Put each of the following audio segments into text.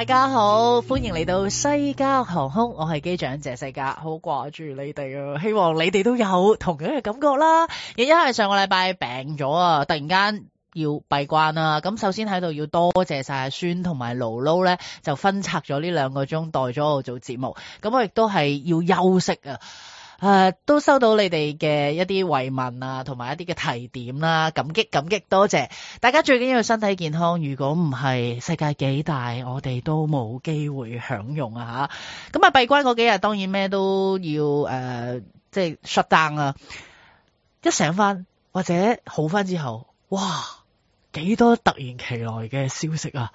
大家好，歡迎嚟到西加航空，我係機長謝世嘉，好掛住你哋啊，希望你哋都有同樣嘅感覺啦。亦因為上個禮拜病咗啊，突然間要閉關啦。咁首先喺度要多謝晒阿、啊、孫同埋盧盧咧，就分拆咗呢兩個鐘代咗我做節目。咁我亦都係要休息啊。誒、啊，都收到你哋嘅一啲慰問啊，同埋一啲嘅提點啦、啊，感激感激，多謝大家最緊要身體健康。如果唔係，世界幾大，我哋都冇機會享用啊吓。咁啊，閉關嗰幾日，當然咩都要誒、呃，即係 shut down 啊。一醒翻，或者好翻之後，哇，幾多突然其來嘅消息啊！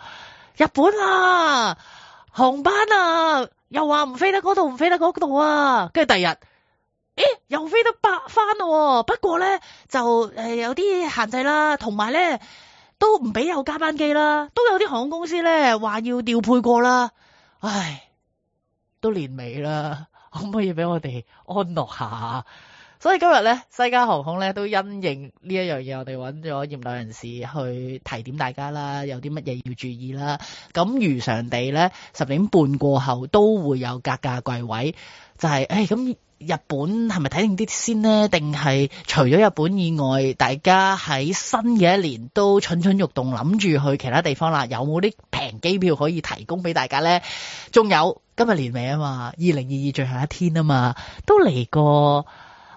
日本啊，航班啊，又話唔飛得嗰度，唔飛得嗰度啊，跟住第日。誒，又飛得百翻咯，不過咧就誒、呃、有啲限制啦，同埋咧都唔俾有加班機啦，都有啲航空公司咧話要調配過啦，唉，都年尾啦，可唔可以俾我哋安樂下？所以今日咧，西加航空咧都因應呢一樣嘢，我哋揾咗業內人士去提點大家啦，有啲乜嘢要注意啦。咁如常地咧，十點半過後都會有格價櫃位，就係誒咁。哎日本係咪睇定啲先呢？定係除咗日本以外，大家喺新嘅一年都蠢蠢欲動，諗住去其他地方啦？有冇啲平機票可以提供俾大家呢？仲有今日年尾啊嘛，二零二二最後一天啊嘛，都嚟過，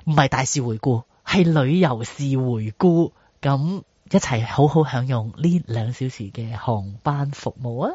唔係大事回顧，係旅遊事回顧，咁一齊好好享用呢兩小時嘅航班服務啊！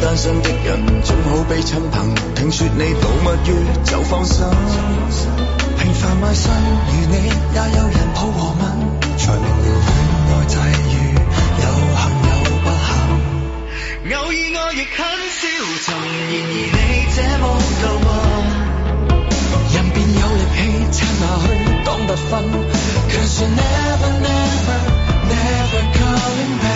單身的人總好比親朋，聽說你度蜜月就放心。平凡賣相，如你也有人抱和吻，才明了戀愛際遇有幸有不幸。偶爾我亦很消沉，然而你這麼夠運，人便有力氣撐下去，當不分。Cause you're never never never coming back.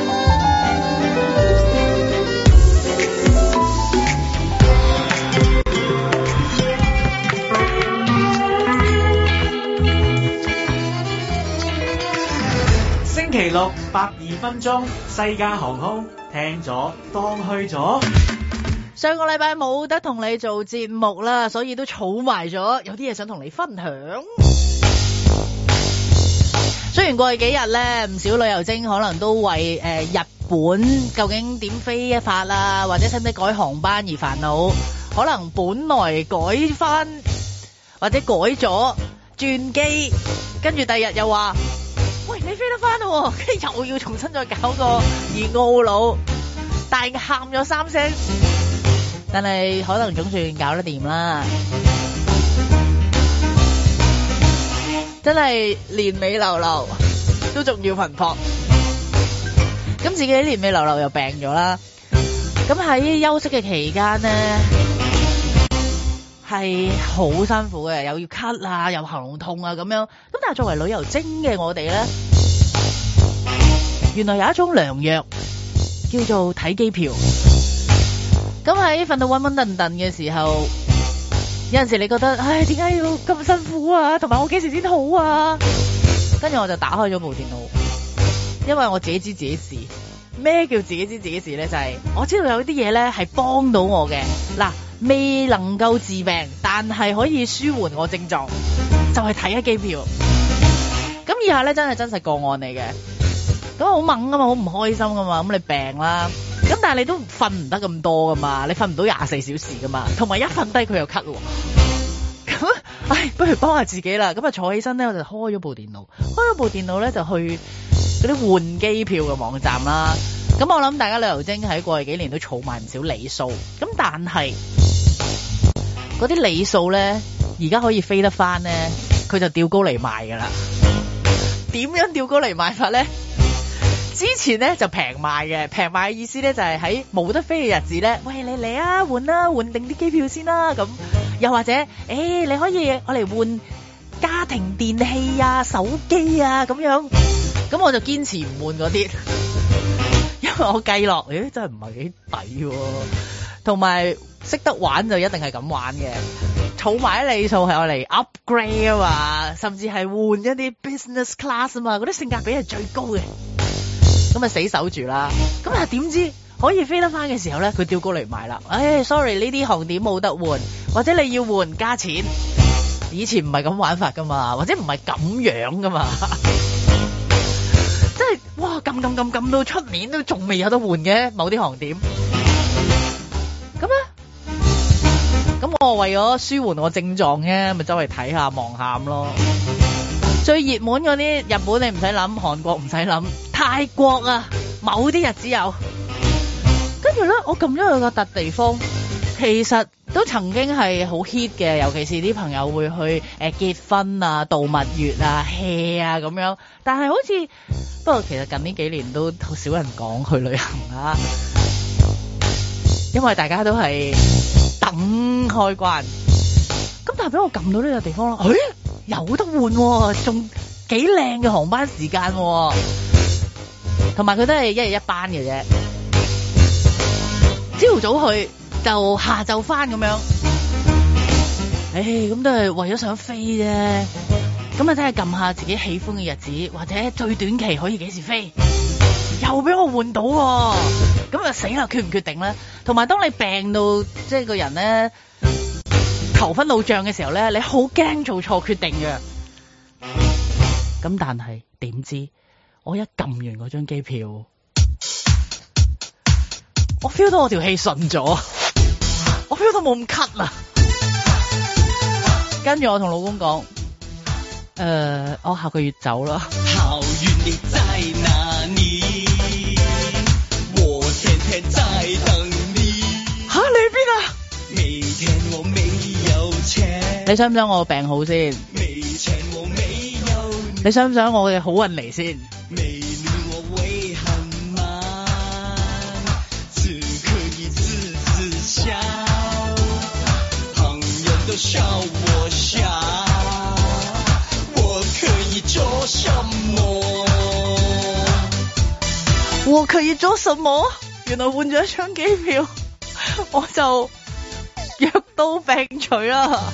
六百二分鐘，西加航空聽咗當去咗。上個禮拜冇得同你做節目啦，所以都儲埋咗，有啲嘢想同你分享。雖然過去幾日咧，唔少旅遊精可能都為誒日本究竟點飛法啦，或者使唔使改航班而煩惱。可能本來改翻，或者改咗轉機，跟住第二日又話。喂，你飛得翻咯，哦，跟住又要重新再搞過而懊惱，大喊咗三聲，但係可能總算搞得掂啦。真係年尾流流都仲要頻撲，咁自己年尾流流又病咗啦。咁喺休息嘅期間咧。係好辛苦嘅，又要咳啊，又喉嚨痛啊咁樣。咁但係作為旅遊精嘅我哋咧，原來有一種良藥叫做睇機票。咁喺瞓到昏昏沌沌嘅時候，有陣時你覺得唉，點解要咁辛苦啊？同埋我幾時先好啊？跟住我就打開咗部電腦，因為我自己知自己事。咩叫自己知自己事咧？就係我知道有啲嘢咧係幫到我嘅嗱。未能夠治病，但係可以舒緩我症狀，就係睇下機票。咁以下咧真係真實個案嚟嘅，咁好猛啊嘛，好唔開心噶嘛，咁你病啦，咁但係你都瞓唔得咁多噶嘛，你瞓唔到廿四小時噶嘛，同埋一瞓低佢又咳喎。咁，唉，不如幫下自己啦。咁啊坐起身咧，我就開咗部電腦，開咗部電腦咧就去嗰啲換機票嘅網站啦。咁我諗大家旅遊精喺過去幾年都儲埋唔少里數，咁但係。嗰啲理數咧，而家可以飛得翻咧，佢就掉高嚟賣㗎啦。點樣掉高嚟賣法咧？之前咧就平賣嘅，平賣嘅意思咧就係喺冇得飛嘅日子咧，喂，你嚟啊，換啦、啊，換定啲機票先啦、啊。咁、okay。又或者，誒、欸、你可以我嚟換家庭電器啊、手機啊咁樣。咁我就堅持唔換嗰啲，因為我計落，誒、欸、真係唔係幾抵喎。同埋。識得玩就一定係咁玩嘅，儲埋啲里數係我嚟 upgrade 啊嘛，甚至係換一啲 business class 啊嘛，嗰啲性價比係最高嘅。咁啊死守住啦，咁啊點知可以飛得翻嘅時候咧，佢掉高嚟買啦。唉、哎、sorry 呢啲航點冇得換，或者你要換加錢。以前唔係咁玩法噶嘛，或者唔係咁樣噶嘛。即係哇，撳撳撳撳，到出面都仲未有得換嘅某啲航點。咁我為咗舒緩我症狀啫，咪周圍睇下望下咁咯。最熱門嗰啲日本你唔使諗，韓國唔使諗，泰國啊，某啲日子有。跟住咧，我撳咗有個笪地方，其實都曾經係好 hit 嘅，尤其是啲朋友會去誒結婚啊、度蜜月啊、hea 啊咁樣。但係好似不過其實近呢幾年都好少人講去旅行啦，因為大家都係等開關，咁但係俾我撳到呢個地方咯，誒，有得換，仲幾靚嘅航班時間，同埋佢都係一日一班嘅啫，朝早去就下晝翻咁樣，唉，咁都係為咗想飛啫，咁啊，真係撳下自己喜歡嘅日子，或者最短期可以幾時飛。又俾我換到喎，啊，咁啊死啦！決唔決定咧？同埋當你病到即係個人咧，頭昏腦脹嘅時候咧，你好驚做錯決定嘅。咁但係點知我一撳完嗰張機票， 我 feel 到我條氣順咗，我 feel 到冇咁咳啦。 跟住我同老公講，誒、呃，我下個月走啦。你想唔想我病好先？沒錢我沒有你想唔想我嘅好運嚟先？我可以做什麼？我可以做什麼？原來換咗一張機票，我就藥到病除啦。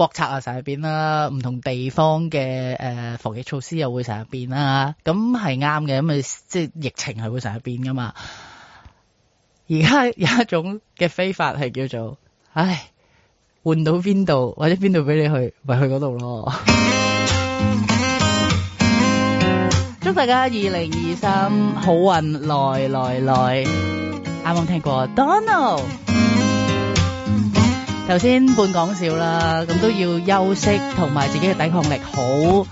國策啊，成日變啦，唔同地方嘅誒防疫措施又會成日變啦，咁係啱嘅，咁為即係疫情係會成日變噶嘛。而家有一種嘅飛法係叫做，唉，換到邊度或者邊度俾你去，咪去嗰度咯。祝大家二零二三好運來來來，啱啱聽過 Dono。頭先半講笑啦，咁都要休息同埋自己嘅抵抗力好，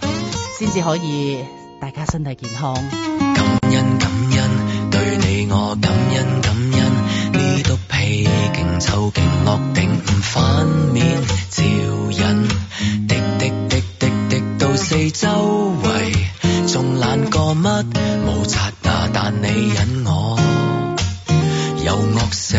先至可以大家身體健康。感恩感恩，對你我感恩感恩，你毒脾勁臭勁惡，定唔反面照人，滴滴滴滴滴到四周圍，仲懶過乜？冇刷牙，但你忍我又惡死。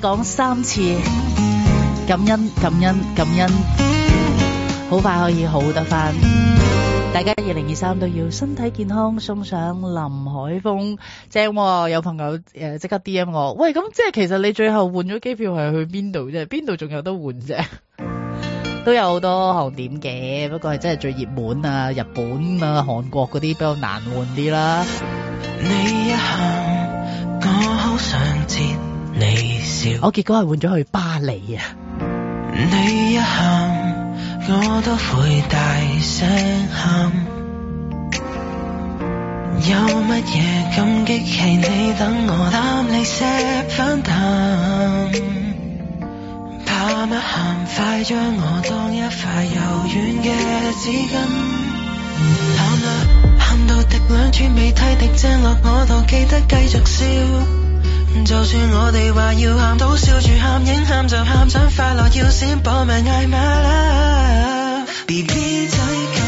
講三次感恩感恩感恩，好快可以好得返。大家二零二三都要身體健康，送上林海峰。正、哦、有朋友誒，即、呃、刻 D M 我。喂，咁即係其實你最後換咗機票係去邊度啫？邊度仲有得換啫？都有好多航點嘅，不過係真係最熱門啊，日本啊，韓國嗰啲比較難換啲啦。你一行 我結果係換咗去巴黎啊。你一喊我都會大聲喊，有乜嘢咁激氣？你等我攬你錫翻啖，怕乜喊？快將我當一塊柔軟嘅紙巾，喊啦喊到滴兩寸未梯滴正落我度，記得繼續笑就算我哋話要喊到笑住喊，影喊就喊，想快樂要先搏命嗌媽啦。B B 妹。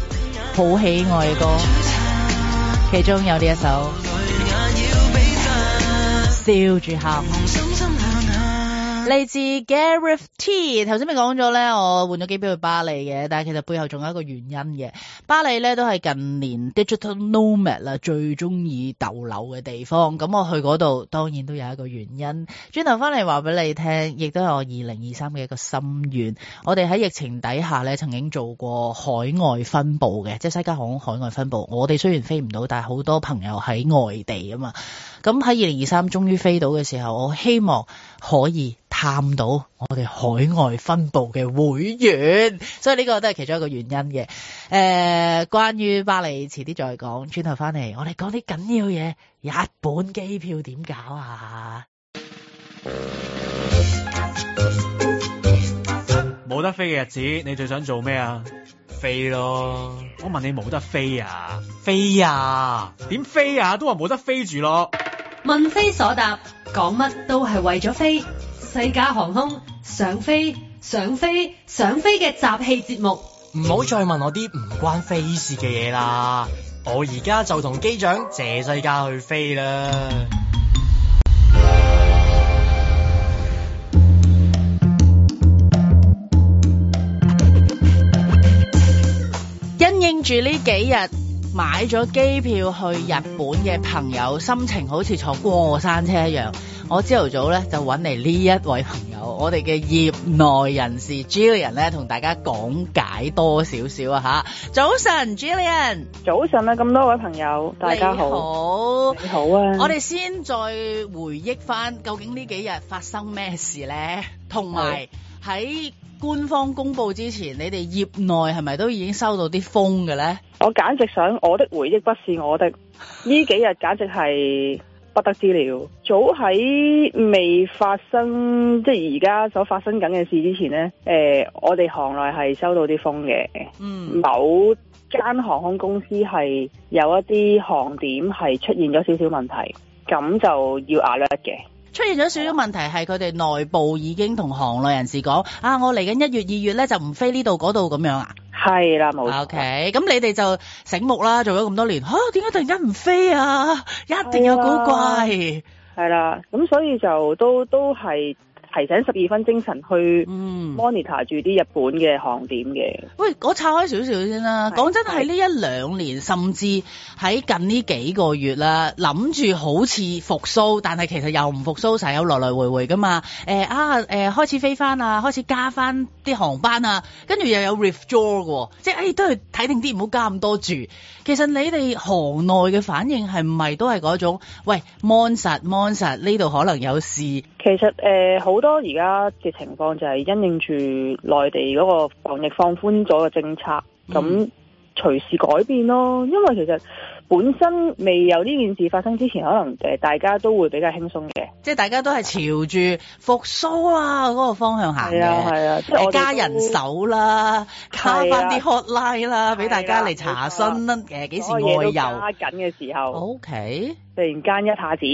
好喜愛嘅歌，其中有呢一首，笑住喊。嚟自 Garrett T，頭先咪講咗咧，我換咗機票去巴黎嘅，但係其實背後仲有一個原因嘅。巴黎咧都係近年 Digital Nomad 啦最中意逗留嘅地方，咁我去嗰度當然都有一個原因。轉頭翻嚟話俾你聽，亦都有我2023嘅一個心願。我哋喺疫情底下咧，曾經做過海外分部嘅，即係西加航空海外分部。我哋雖然飛唔到，但係好多朋友喺外地啊嘛。咁喺二零二三終於飛到嘅時候，我希望可以探到我哋海外分部嘅會員，所以呢個都係其中一個原因嘅。誒、呃，關於巴黎遲啲再講，轉頭翻嚟我哋講啲緊要嘢。日本機票點搞啊？冇得飛嘅日子，你最想做咩啊？飛咯！我問你冇得飛啊？飛啊？點飛啊？都話冇得飛住咯。問非所答，講乜都係為咗飛。西加航空想飛，想飛，想飛嘅集氣節目，唔、嗯、好再問我啲唔關飛事嘅嘢啦。我而家就同機長謝世佳去飛啦。因應住呢幾日買咗機票去日本嘅朋友，心情好似坐過山車一樣。我朝頭早咧就搵嚟呢一位朋友，我哋嘅業內人士 Jillian 咧同大家講解多少少啊吓。早晨，Jillian。早晨啊，咁多位朋友，大家好。你好。你好啊。我哋先再回憶翻，究竟呢幾日發生咩事呢？同埋喺。官方公布之前，你哋業內係咪都已經收到啲風嘅咧？我簡直想，我的回憶不是我的。呢幾日簡直係不得之了。早喺未發生，即係而家所發生緊嘅事之前咧，誒、呃，我哋行內係收到啲風嘅。嗯，某間航空公司係有一啲航點係出現咗少少問題，咁就要 alert 嘅。出現咗少少問題係佢哋內部已經同行內人士講啊，我嚟緊一月二月咧就唔飛呢度嗰度咁樣啊。係啦冇錯。OK，咁你哋就醒目啦，做咗咁多年，嚇點解突然間唔飛啊？一定有古怪。係啦，咁所以就都都係。提醒十二分精神去 monitor 住啲日本嘅航點嘅、嗯。喂，我岔開少少先啦。講真，係呢一兩年，甚至喺近呢幾個月啦，諗住好似復蘇，但係其實又唔復蘇，成日有來來回回噶嘛。誒、哎、啊，誒開始飛翻啊，開始加翻啲航班啊，跟住又有 withdraw 嘅、哦，即係誒、哎、都係睇定啲，唔好加咁多住。其實你哋行內嘅反應係唔係都係嗰種？喂，mon 特 mon 特，呢度可能有事。其實誒，好、呃、多而家嘅情況就係因應住內地嗰個防疫放寬咗嘅政策，咁、嗯、隨時改變咯。因為其實本身未有呢件事發生之前，可能誒大家都會比較輕鬆嘅，即係大家都係朝住復蘇啊嗰、那個方向行嘅，係啊係啊，加、啊就是、人手啦，加翻啲 hotline 啦，俾、啊、大家嚟查詢。誒、啊，幾時嘢都加緊嘅時候，O、okay? K，突然間一下子，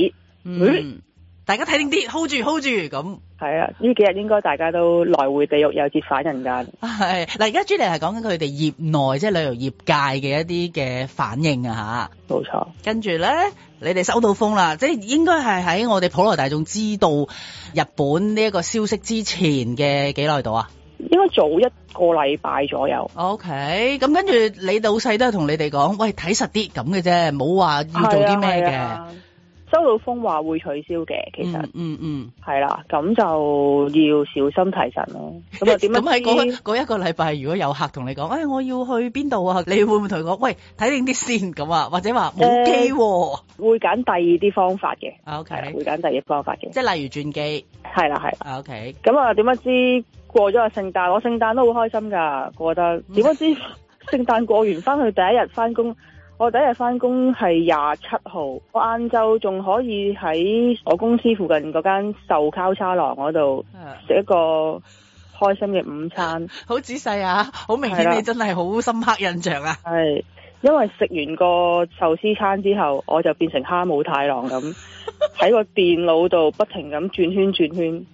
嗯。大家睇定啲，hold 住，hold 住，咁係啊！呢幾日應該大家都來回地獄又折返人間。係嗱，而家朱莉係講緊佢哋業內，即係旅遊業界嘅一啲嘅反應啊，吓。冇錯。跟住咧，你哋收到風啦，即係應該係喺我哋普羅大眾知道日本呢一個消息之前嘅幾耐度啊？應該早一個禮拜左右。OK，咁跟住你老細都係同你哋講，喂，睇實啲咁嘅啫，冇話要做啲咩嘅。收到風話會取消嘅，其實嗯嗯係啦，咁、嗯、就要小心提神咯。咁啊點？咁喺嗰一個禮拜，如果有客同你講，誒、哎，我要去邊度啊？你會唔會同我：「喂，睇定啲先咁啊？或者話冇機，會揀第二啲方法嘅、okay.。會 o k 會揀第二啲方法嘅，即係例如轉機，係啦係啦。o k 咁啊點？不、okay. 知過咗個聖誕，我聖誕都好開心噶，過得點？樣知聖誕過完，翻去第一日翻工。我第一日翻工係廿七號，我晏晝仲可以喺我公司附近嗰間壽烤叉廊嗰度食一個開心嘅午餐。啊、好仔細啊！好明顯你真係好深刻印象啊！係，因為食完個壽司餐之後，我就變成哈姆太郎咁喺 個電腦度不停咁轉圈轉圈。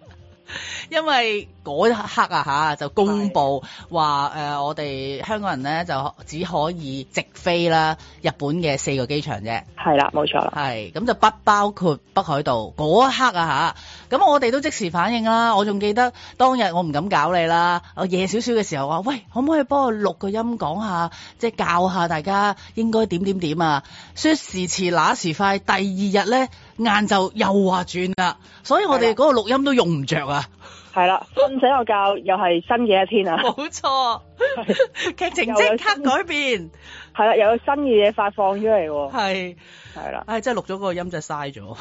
因為嗰一刻啊吓，就公布話誒、呃，我哋香港人咧就只可以直飛啦日本嘅四個機場啫。係啦，冇錯啦。係咁就不包括北海道。嗰一刻啊吓，咁我哋都即時反應啦。我仲記得當日我唔敢搞你啦。我夜少少嘅時候話，喂，可唔可以幫我錄個音講下，即係教下大家應該點點點啊？說時遲那時快，第二日咧。晏晝又話轉啦，所以我哋嗰個錄音都用唔着啊。係啦，瞓醒個覺 又係新嘅一天啊！冇錯，劇 情即刻改變。係啦，又有新嘅嘢發放出嚟喎。係係啦，唉、啊 即係，真係錄咗嗰個音就嘥咗。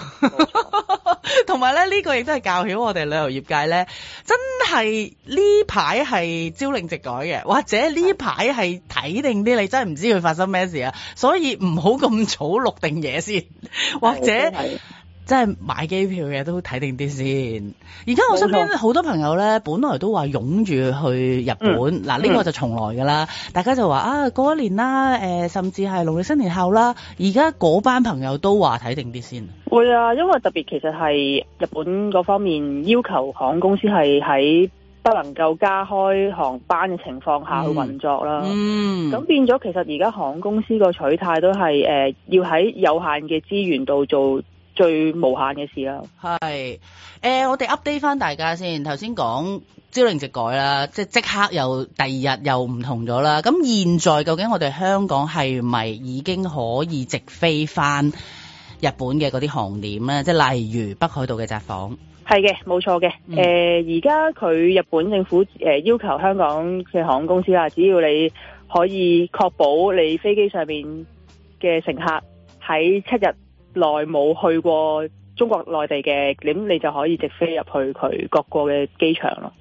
同埋咧，呢個亦都係教曉我哋旅遊業界咧，真係呢排係朝令夕改嘅，或者呢排係睇定啲，你真係唔知佢發生咩事啊。所以唔好咁早錄定嘢先，或者。即係買機票嘅都睇定啲先。而家我身邊好多朋友咧，本來都話湧住去日本嗱，呢、嗯嗯呢個就從來㗎喇。大家就話啊，過一年啦，誒、呃，甚至係農曆新年後啦。而家嗰班朋友都話睇定啲先。會啊，因為特別其實係日本嗰方面要求航空公司係喺不能夠加開航班嘅情況下去運作啦。嗯，咁、嗯、變咗其實而家航空公司個取態都係誒、呃、要喺有限嘅資源度做。最無限嘅事啦，係、呃，我哋 update 翻大家先。頭先講朝令夕改啦，即係即，即，即刻又第二日又唔同咗啦。咁現在究竟我哋香港係咪已經可以直飛翻日本嘅嗰啲航點咧？即係例如北海道嘅札幌。係嘅，冇錯嘅。誒、嗯，而家佢日本政府要求香港嘅航空公司啦，只要你可以確保你飛機上面嘅乘客喺七日耐冇去過中國內地嘅，你咁你就可以直飛入去佢各個嘅機場咯。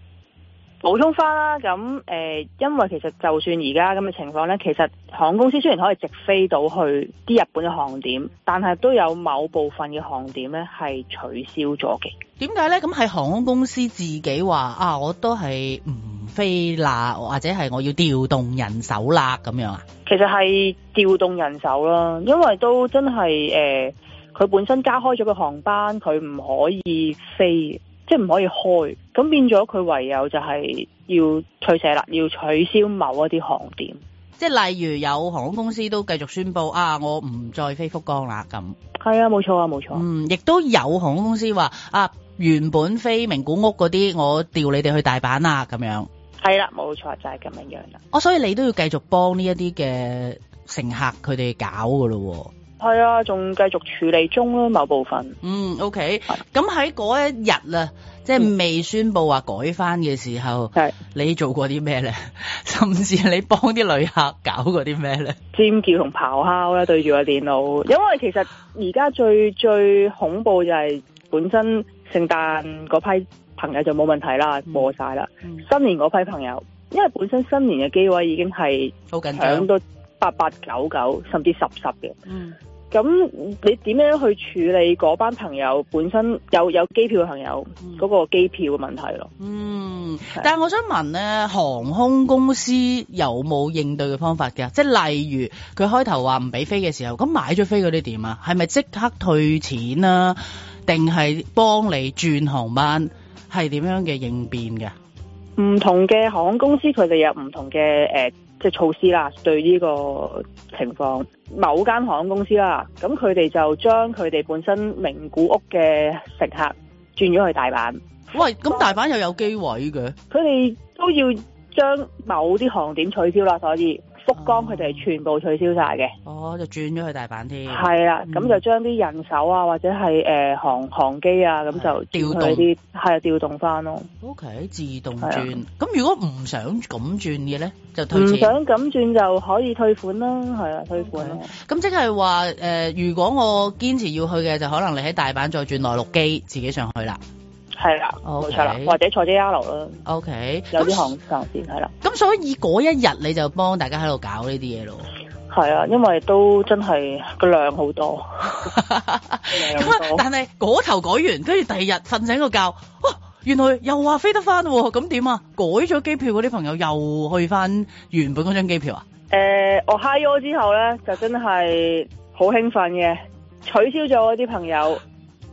補充翻啦，咁誒、呃，因為其實就算而家咁嘅情況呢，其實航空公司雖然可以直飛到去啲日本嘅航點，但係都有某部分嘅航點呢係取消咗嘅。點解呢？咁係航空公司自己話啊，我都係唔飛啦，或者係我要調動人手啦咁樣啊，其實係調動人手啦，因為都真係誒，佢、呃、本身加開咗個航班，佢唔可以飛。即係唔可以開，咁變咗佢唯有就係要取捨啦，要取消某一啲航點。即係例如有航空公司都繼續宣布啊，我唔再飛福岡啦咁。係啊，冇錯啊，冇錯。嗯，亦都有航空公司話啊，原本飛名古屋嗰啲，我調你哋去大阪啊，咁樣。係啦，冇錯，就係咁樣樣啦。哦，所以你都要繼續幫呢一啲嘅乘客佢哋搞噶咯喎。係啊，仲繼續處理中咯，某部分。嗯，OK。咁喺嗰一日啊，即係未宣佈話、嗯、改翻嘅時候，你做過啲咩咧？甚至你幫啲旅客搞過啲咩咧？尖叫同咆哮咧，對住個電腦。 因為其實而家最最恐怖就係本身聖誕嗰批朋友就冇問題啦，過晒啦。新年嗰批朋友，因為本身新年嘅機位已經係好緊張，都八八九九，甚至十十嘅。嗯。咁你點樣去處理嗰班朋友，本身有有機票嘅朋友嗰個機票嘅問題咯？嗯，但係我想問咧，航空公司有冇應對嘅方法嘅？即係例如佢開頭話唔俾飛嘅時候，咁買咗飛嗰啲點啊？係咪即刻退錢啊？定係幫你轉航班？係點樣嘅應變嘅？唔同嘅航空公司佢哋有唔同嘅誒。呃即係措施啦，對呢個情況，某間航空公司啦，咁佢哋就將佢哋本身名古屋嘅乘客轉咗去大阪。喂，咁大阪又有機會嘅？佢哋都要將某啲航點取消啦，所以。福岡佢哋全部取消晒嘅，哦就轉咗去大阪添。係啦，咁、嗯、就將啲人手啊或者係誒航、航機啊咁就調動，係調動翻咯。O、okay, K 自動轉，咁如果唔想咁轉嘅咧，就退唔想咁轉就可以退款啦，係啊退款。咁、okay, 即係話誒，如果我堅持要去嘅，就可能你喺大阪再轉內陸機自己上去啦。係啦，冇錯啦，okay. 或者坐 J R 咯。O、okay. K，有啲行站先係啦。咁所以嗰一日你就幫大家喺度搞呢啲嘢咯。係啊，因為都真係個量好多。咁、 嗯、但係嗰頭改完，跟住第二日瞓醒個覺，哦，原來又話飛得翻喎，咁點啊？改咗機票嗰啲朋友又去翻原本嗰張機票啊？誒、呃，我 high 咗之後咧，就真係好興奮嘅，取消咗啲朋友。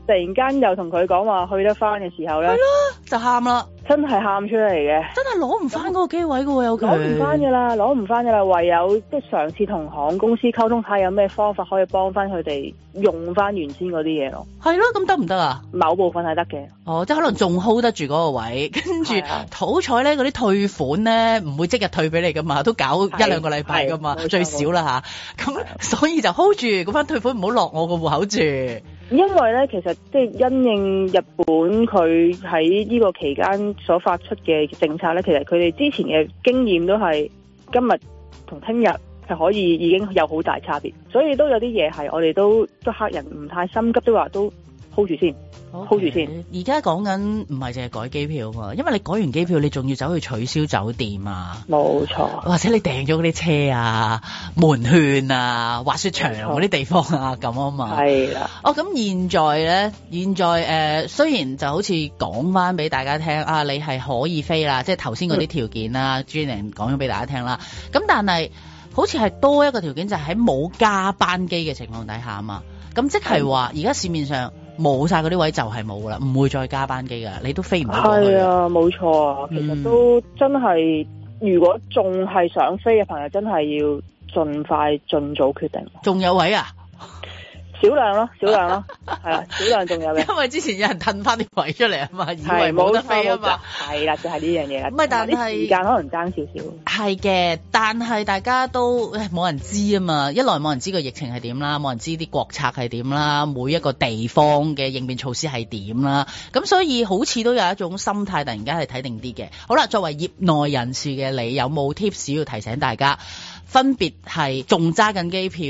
突然間又同佢講話去得翻嘅時候咧，係咯、啊，就喊啦，真係喊出嚟嘅，真係攞唔翻嗰個機位嘅喎，有佢攞唔翻噶啦，攞唔翻噶啦，唯有即係嘗試同行公司溝通睇下有咩方法可以幫翻佢哋用翻原先嗰啲嘢咯。係咯、啊，咁得唔得啊？某部分係得嘅。哦，即係可能仲 hold 得住嗰個位，跟住好彩咧，嗰啲退款咧唔會即日退俾你噶嘛，都搞一兩個禮拜噶嘛，最少啦吓。咁、啊、所以就 hold 住嗰翻退款，唔好落我個戶口住。因為咧，其實即係因應日本佢喺呢個期間所發出嘅政策咧，其實佢哋之前嘅經驗都係今日同聽日係可以已經有好大差別，所以都有啲嘢係我哋都都客人唔太心急，都話都。hold 住先，hold 住先。而家講緊唔係淨係改機票喎，因為你改完機票，你仲要走去取消酒店啊，冇錯，或者你訂咗嗰啲車啊、門券啊、滑雪場嗰啲地方啊，咁啊嘛，係啦。哦，咁現在咧，現在誒、呃、雖然就好似講翻俾大家聽啊，你係可以飛啦，即係頭先嗰啲條件啦，朱玲講咗俾大家聽啦。咁但係好似係多一個條件，就係喺冇加班機嘅情況底下啊嘛。咁即係話而家市面上。冇晒嗰啲位就係冇啦，唔會再加班機噶，你都飛唔到去。係、嗯、啊，冇錯啊，其實都真係，如果仲係想飛嘅朋友，真係要盡快盡早決定。仲有位啊！少量咯，少量咯，係 啦，少量仲有嘅。因為之前有人褪翻啲位出嚟啊嘛，以為冇得飛啊嘛，係啦，就係呢樣嘢啦。唔係，但係時間可能爭少少。係嘅，但係大家都冇人知啊嘛，一來冇人知個疫情係點啦，冇人知啲國策係點啦，每一個地方嘅應變措施係點啦，咁所以好似都有一種心態突然間係睇定啲嘅。好啦，作為業內人士嘅你，有冇 tips 要提醒大家？分別係仲揸緊機票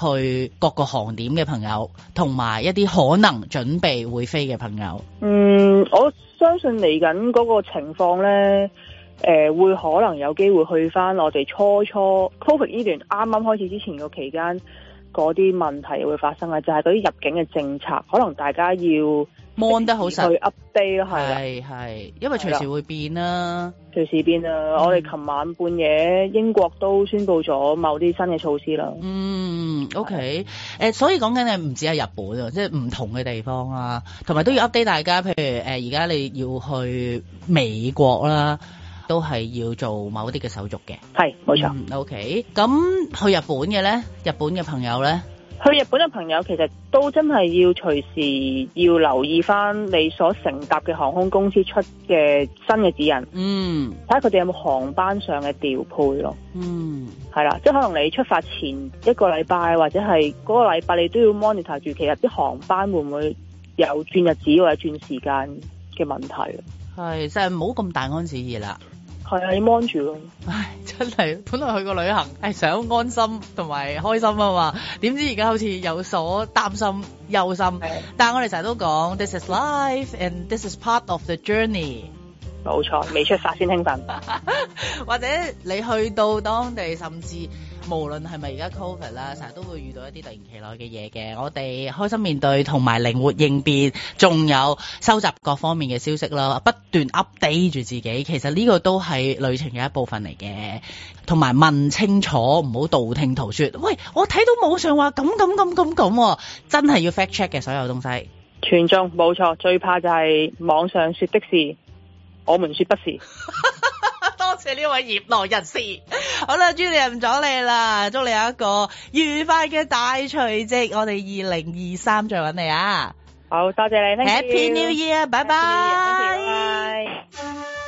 去各個航點嘅朋友，同埋一啲可能準備會飛嘅朋友。嗯，我相信嚟緊嗰個情況呢，誒、呃、會可能有機會去翻我哋初初 Covid 呢段啱啱開始之前嘅期間嗰啲問題會發生呀，就係嗰啲入境嘅政策，可能大家要 mon 得好晒，係，係，因為隨時會變啦、啊，隨時變啦、啊。我哋琴晚半夜英國都宣布咗某啲新嘅措施啦。嗯，OK，誒、呃，所以講緊咧唔止係日本，即係唔同嘅地方啊，同埋都要 update 大家。譬如誒，而、呃、家你要去美國啦，都係要做某啲嘅手續嘅。係，冇錯。嗯、OK，咁去日本嘅咧，日本嘅朋友咧。去日本嘅朋友，其實都真係要隨時要留意翻你所乘搭嘅航空公司出嘅新嘅指引，嗯，睇下佢哋有冇航班上嘅調配咯，嗯，係啦，即係可能你出發前一個禮拜或者係嗰個禮拜，你都要 monitor 住，其實啲航班會唔會有轉日子或者轉時間嘅問題？係，即係唔好咁大安旨意啦。係啊，要 mon 住咯。唉、哎，真係，本來去個旅行係想安心同埋開心啊嘛，點知而家好似有所擔心憂心。但係我哋成日都講，this is life、嗯、and this is part of the journey。冇錯，未出發先興奮， 或者你去到當地，甚至。無論係咪而家 covid 啦，成日都會遇到一啲突然其來嘅嘢嘅，我哋開心面對同埋靈活應變，仲有收集各方面嘅消息啦，不斷 update 住自己，其實呢個都係旅程嘅一部分嚟嘅，同埋問清楚，唔好道聽途說。喂，我睇到網上話咁咁咁咁咁，真係要 fact check 嘅所有東西。全中，冇錯，最怕就係網上說的是，我們說不是。 謝 呢位業內人士， 好啦，Julia，唔阻你啦，祝你有一個愉快嘅大除夕，我哋二零二三再揾你啊，好，多謝，謝你 Happy New Year, bye bye，Happy New Year 啊，拜拜。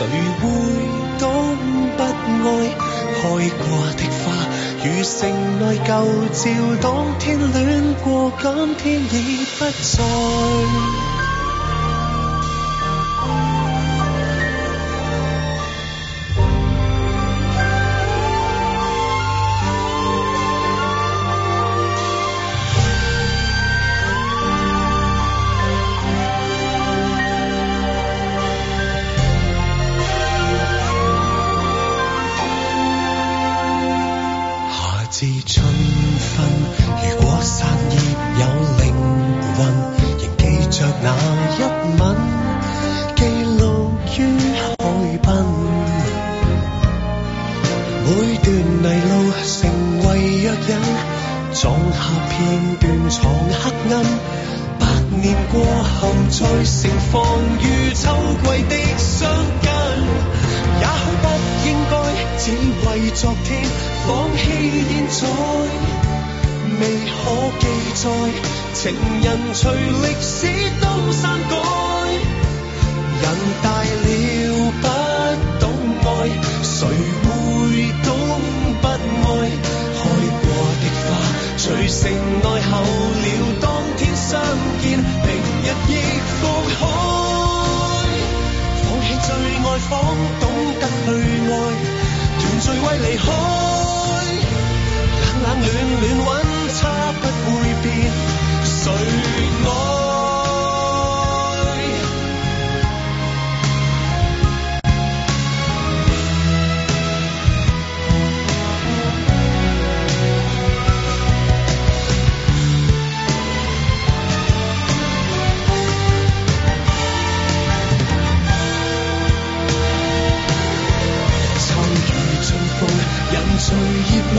誰會懂不愛開過的花，如城內舊照，當天戀過，今天已不再。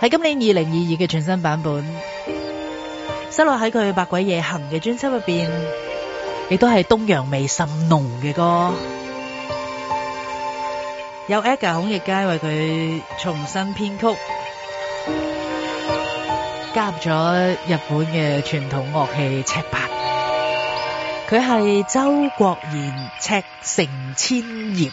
係今年二零二二嘅全新版本，收錄喺佢《百鬼夜行》嘅專輯入邊，亦都係東洋味甚濃嘅歌，有 Edgar 孔奕佳為佢重新編曲。加入咗日本嘅傳統樂器尺八，佢係周國賢《尺成千葉》。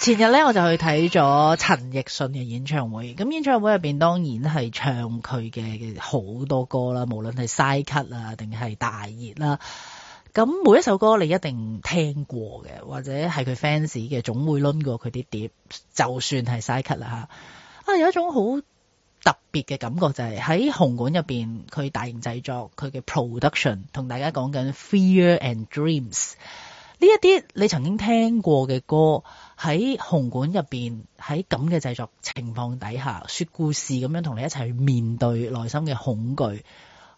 前日咧，我就去睇咗陳奕迅嘅演唱會。咁演唱會入邊當然係唱佢嘅好多歌啦，無論係 side cut 啊定係大熱啦。咁每一首歌你一定聽過嘅，或者係佢 fans 嘅總會輪過佢啲碟，就算係 side cut 啦嚇。啊，有一種好～特別嘅感覺就係喺紅館入面，佢大型製作，佢嘅 production 同大家講緊《Fear and Dreams》呢一啲你曾經聽過嘅歌，喺紅館入邊喺咁嘅製作情況底下，說故事咁樣同你一齊去面對內心嘅恐懼，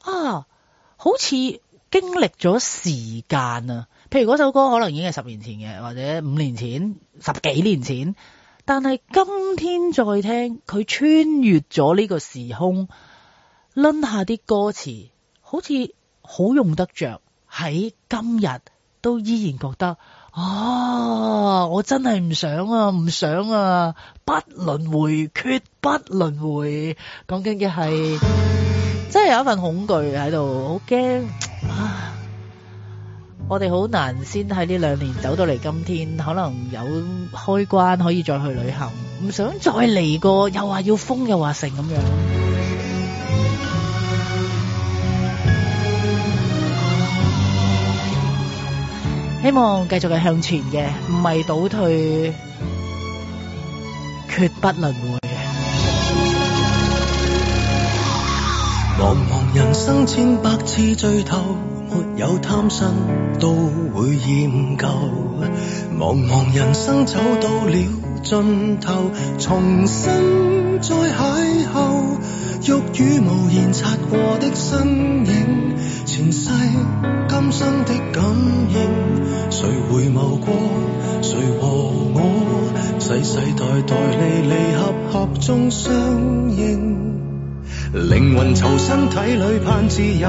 啊，好似經歷咗時間啊！譬如嗰首歌可能已經係十年前嘅，或者五年前、十幾年前。但係今天再聽佢穿越咗呢個時空，撚下啲歌詞，好似好用得着。喺今日都依然覺得，啊！我真係唔想啊，唔想啊，不輪回、啊，決不輪回。講緊嘅係，真係有一份恐懼喺度，好驚啊！我哋好難先喺呢兩年走到嚟，今天可能有開關可以再去旅行，唔想再嚟過，又話要封，又話成咁樣。希望繼續係向前嘅，唔係倒退，絕不輪迴。茫茫人生千百次聚頭。沒有貪新，都會厭舊。茫茫人生走到了盡頭，重新再邂逅。欲語無言擦過的身影，前世今生的感應。誰回眸過？誰和我？世世代代離離合合中相認。靈魂囚身體裏盼自由。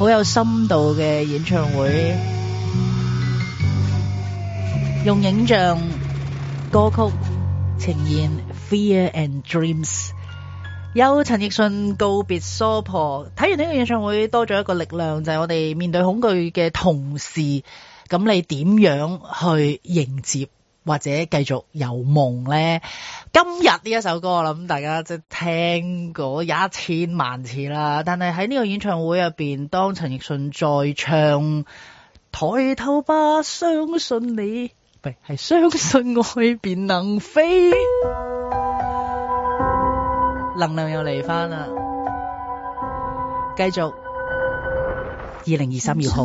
好有深度嘅演唱會，用影像、歌曲呈現《Fear and Dreams》，有陳奕迅告別娑婆。睇完呢個演唱會，多咗一個力量，就係、是、我哋面對恐懼嘅同時，咁你點樣去迎接？或者繼續有夢咧。今日呢一首歌我諗大家即聽過一千萬次啦。但係喺呢個演唱會入邊，當陳奕迅再唱《抬頭吧，相信你》，唔係相信愛便能飛，能量又嚟翻啦。繼續，二零二三要好。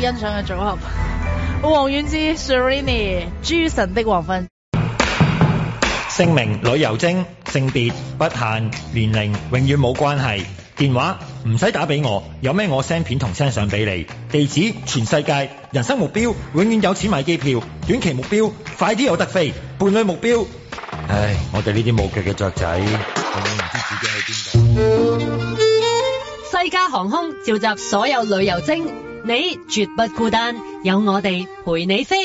欣賞嘅組合，王菀之、Serenity、諸神的黃昏。姓名：旅遊精，性別不限，年齡永遠冇關係。電話唔使打俾我，有咩我 send 片同 send 相俾你。地址：全世界。人生目標永遠有錢買機票，短期目標快啲有得飛。伴侶目標，唉，我哋呢啲冇腳嘅雀仔，永遠唔知自己喺邊度。西加航空召集所有旅遊精。你絕不孤單，有我哋陪你飛。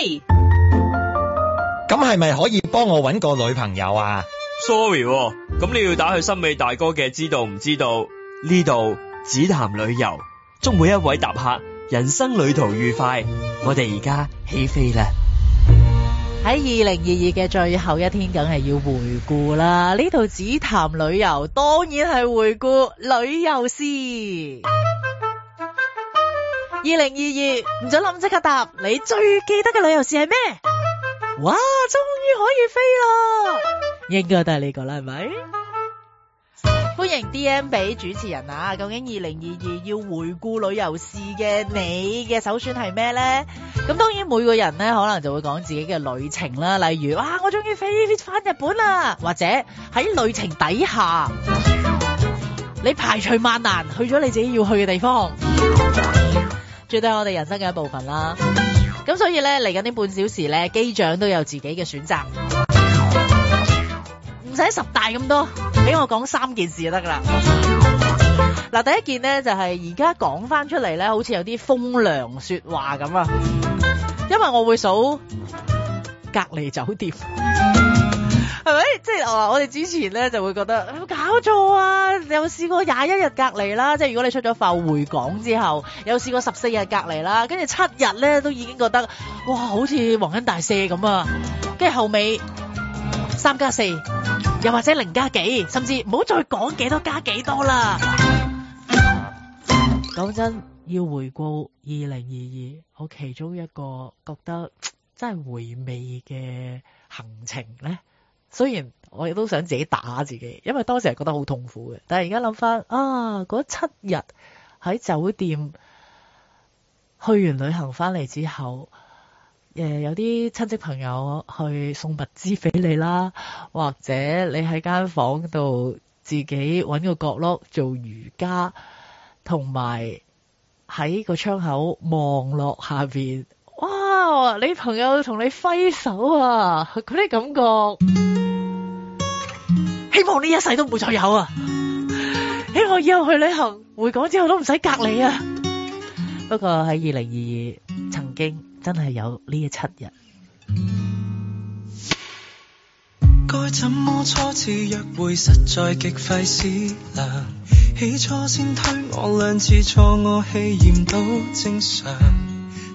咁係咪可以幫我搵個女朋友啊？Sorry，咁、哦，你要打去森美大哥嘅，知道唔知道？呢度只談旅遊，祝每一位搭客人生旅途愉快。我哋而家起飛啦！喺二零二二嘅最後一天，梗係要回顧啦。呢度只談旅遊，當然係回顧旅遊事。二零二二唔准諗，即刻答你最記得嘅旅遊事係咩？哇，終於可以飛啦！應該都係呢個啦，係咪？歡迎 DM 俾主持人啊！究竟二零二二要回顧旅遊事嘅，你嘅首選係咩咧？咁當然每個人咧，可能就會講自己嘅旅程啦。例如，哇，我終於飛翻日本啦！或者喺旅程底下，你排除萬難去咗你自己要去嘅地方。絕對係我哋人生嘅一部分啦，咁所以咧，嚟緊呢半小時咧，機長都有自己嘅選擇，唔使十大咁多，俾我講三件事就得噶啦。嗱，第一件咧，就係而家講翻出嚟咧，好似有啲風涼說話咁啊，因為我會數隔離酒店。係咪？即係我我哋之前咧就會覺得有冇搞錯啊！有試過廿一日隔離啦，即係如果你出咗埠回港之後，有試過十四日隔離啦，跟住七日咧都已經覺得哇，好似皇恩大赦咁啊！跟住後尾三加四，+4，又或者零加幾，甚至唔好再講幾多加幾多啦。講真，要回顧二零二二，我其中一個覺得真係回味嘅行程咧。雖然我亦都想自己打自己，因為當時係覺得好痛苦嘅。但係而家諗翻啊，嗰七日喺酒店去完旅行翻嚟之後，誒、呃，有啲親戚朋友去送物資俾你啦，或者你喺間房度自己搵個角落做瑜伽，同埋喺個窗口望落下邊，哇！你朋友同你揮手啊，嗰啲感覺。希望呢一世都唔會再有啊！希望以後去旅行，回港之後都唔使隔離啊！不過喺二零二二曾經真係有呢一七日。該怎麼初次約會實在極費思量，起初先推我兩次錯我氣焰都正常，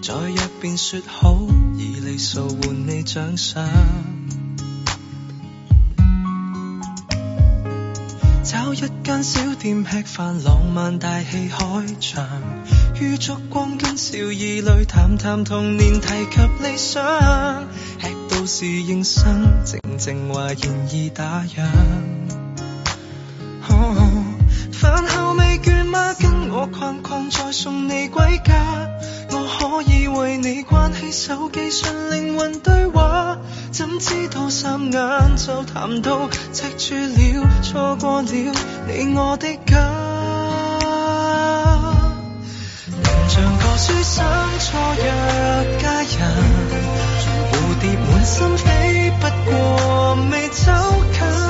再入邊說好以你數換你獎賞。找一間小店吃飯，浪漫大戲開場，於燭光跟笑意裏談談童年，提及理想。吃到侍應生，靜靜話現已打烊。Oh. 飯後未倦嗎？跟我逛逛再送你歸家。我可以為你關起手機純靈魂對話，怎知道霎眼就談到，赤柱了，錯過了你我的家。能像個書生錯約佳人，蝴蝶滿心飛不過未走近。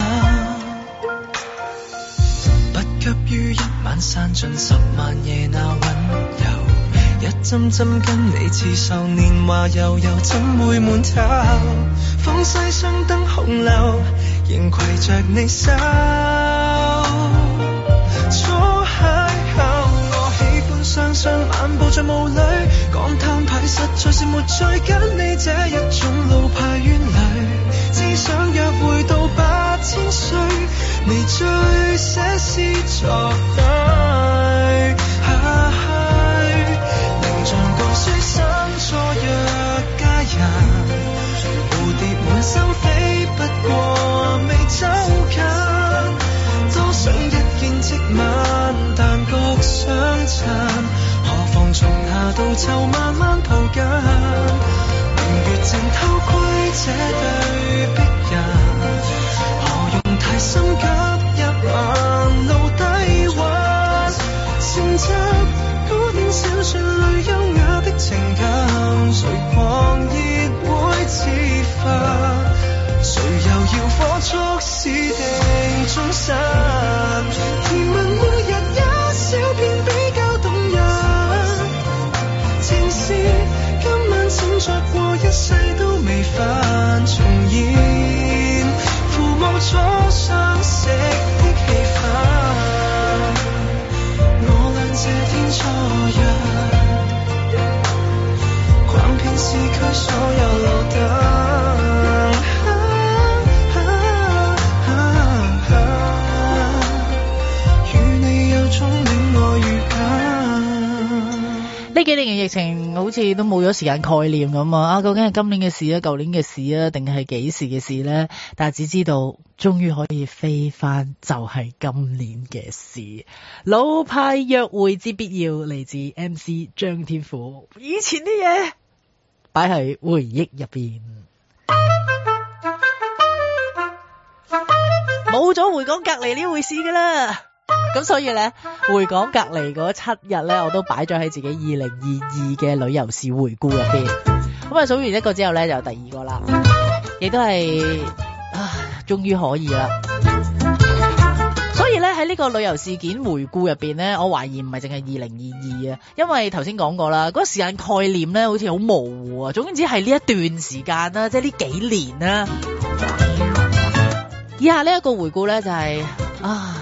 急於一晚散盡十萬夜那溫柔，一針針跟你刺繡年華悠悠怎會悶透？訪西廂登紅樓仍攜着你手。初邂逅，我喜歡雙雙漫步在霧裏，趕攤牌實在是沒趣跟你這一種老派鴛侶，只想約會到八千歲。微醉寫詩作對，凝像共書生錯約佳人。蝴蝶滿心飛，不過未走近。多想一見即吻，但覺相襯。何妨從夏到秋，慢慢抱緊。明月正偷窺這對。呢年嘅疫情好似都冇咗時間概念咁啊！究竟係今年嘅事啊，舊年嘅事啊，定係幾時嘅事呢？但係只知道終於可以飛返，就係、是、今年嘅事。老派約會之必要，嚟自 MC 張天賦。以前啲嘢擺喺回憶入邊，冇咗回港隔離呢回事㗎啦。咁所以咧，回港隔離嗰七日咧，我都擺咗喺自己二零二二嘅旅遊事回顧入邊。咁啊，數完一個之後咧，就第二個啦，亦都係啊，終於可以啦。所以咧，喺呢個旅遊事件回顧入邊咧，我懷疑唔係淨係二零二二啊，因為頭先講過啦，嗰個時間概念咧，好似好模糊啊。總之，係呢一段時間啦，即係呢幾年啦。以下呢一個回顧咧，就係啊。.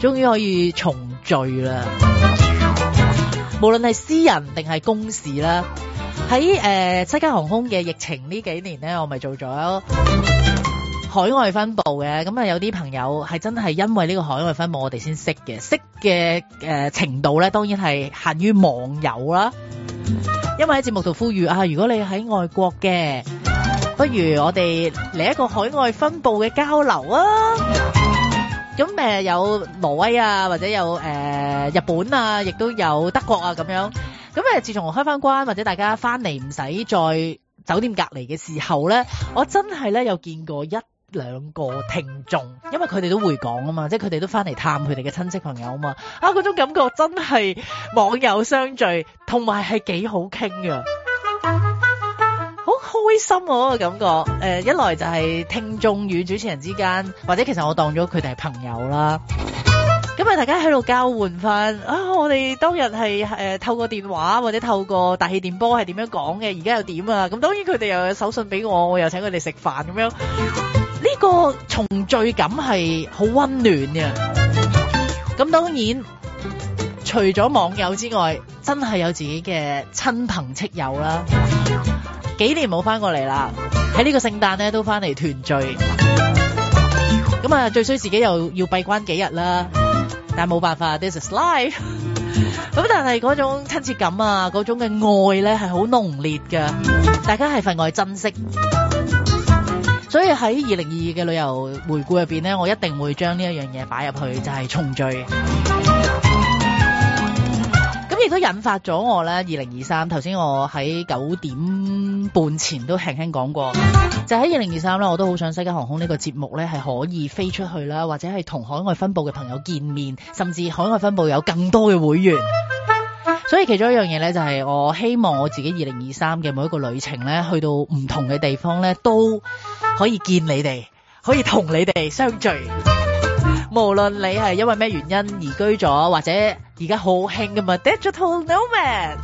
終於可以重聚啦！無論係私人定係公事啦，喺誒西加航空嘅疫情呢幾年咧，我咪做咗海外分部嘅，咁啊有啲朋友係真係因為呢個海外分部我哋先識嘅，識嘅誒程度咧，當然係限於網友啦。因為喺節目度呼籲啊，如果你喺外國嘅，不如我哋嚟一個海外分部嘅交流啊！咁誒、呃、有挪威啊，或者有、呃、日本啊，亦都有德國啊咁樣。咁誒、呃，自從開翻關或者大家翻嚟唔使再酒店隔離嘅時候咧，我真係咧有見過一兩個聽眾，因為佢哋都會講啊嘛，即係佢哋都翻嚟探佢哋嘅親戚朋友啊嘛，啊嗰種感覺真係網友相聚，同埋係幾好傾嘅。開心啊，嗰個感覺，誒、呃，一來就係聽眾與主持人之間，或者其實我當咗佢哋係朋友啦。咁啊，大家喺度交換翻啊，我哋當日係誒、呃、透過電話或者透過大氣電波係點樣講嘅，而家又點啊？咁當然佢哋又有手信俾我，我又請佢哋食飯咁樣，呢個重聚感係好温暖嘅。咁當然，除咗網友之外，真係有自己嘅親朋戚友啦。幾年冇翻過嚟啦，喺呢個聖誕咧都翻嚟團聚，咁啊最衰自己又要閉關幾日啦，但係冇辦法，This is life。咁但係嗰種親切感啊，嗰種嘅愛咧係好濃烈噶，大家係分外珍惜，所以喺二零二二嘅旅遊回顧入邊咧，我一定會將呢一樣嘢擺入去，就係重聚。都引發咗我咧，二零二三頭先我喺九點半前都輕輕講過，就喺二零二三啦，我都好想西加航空呢個節目呢，係可以飛出去啦，或者係同海外分部嘅朋友見面，甚至海外分部有更多嘅會員。所以其中一樣嘢呢，就係、是、我希望我自己二零二三嘅每一個旅程呢，去到唔同嘅地方呢，都可以見你哋，可以同你哋相聚，無論你係因為咩原因移居咗或者。而家好興㗎嘛，Digital Nomad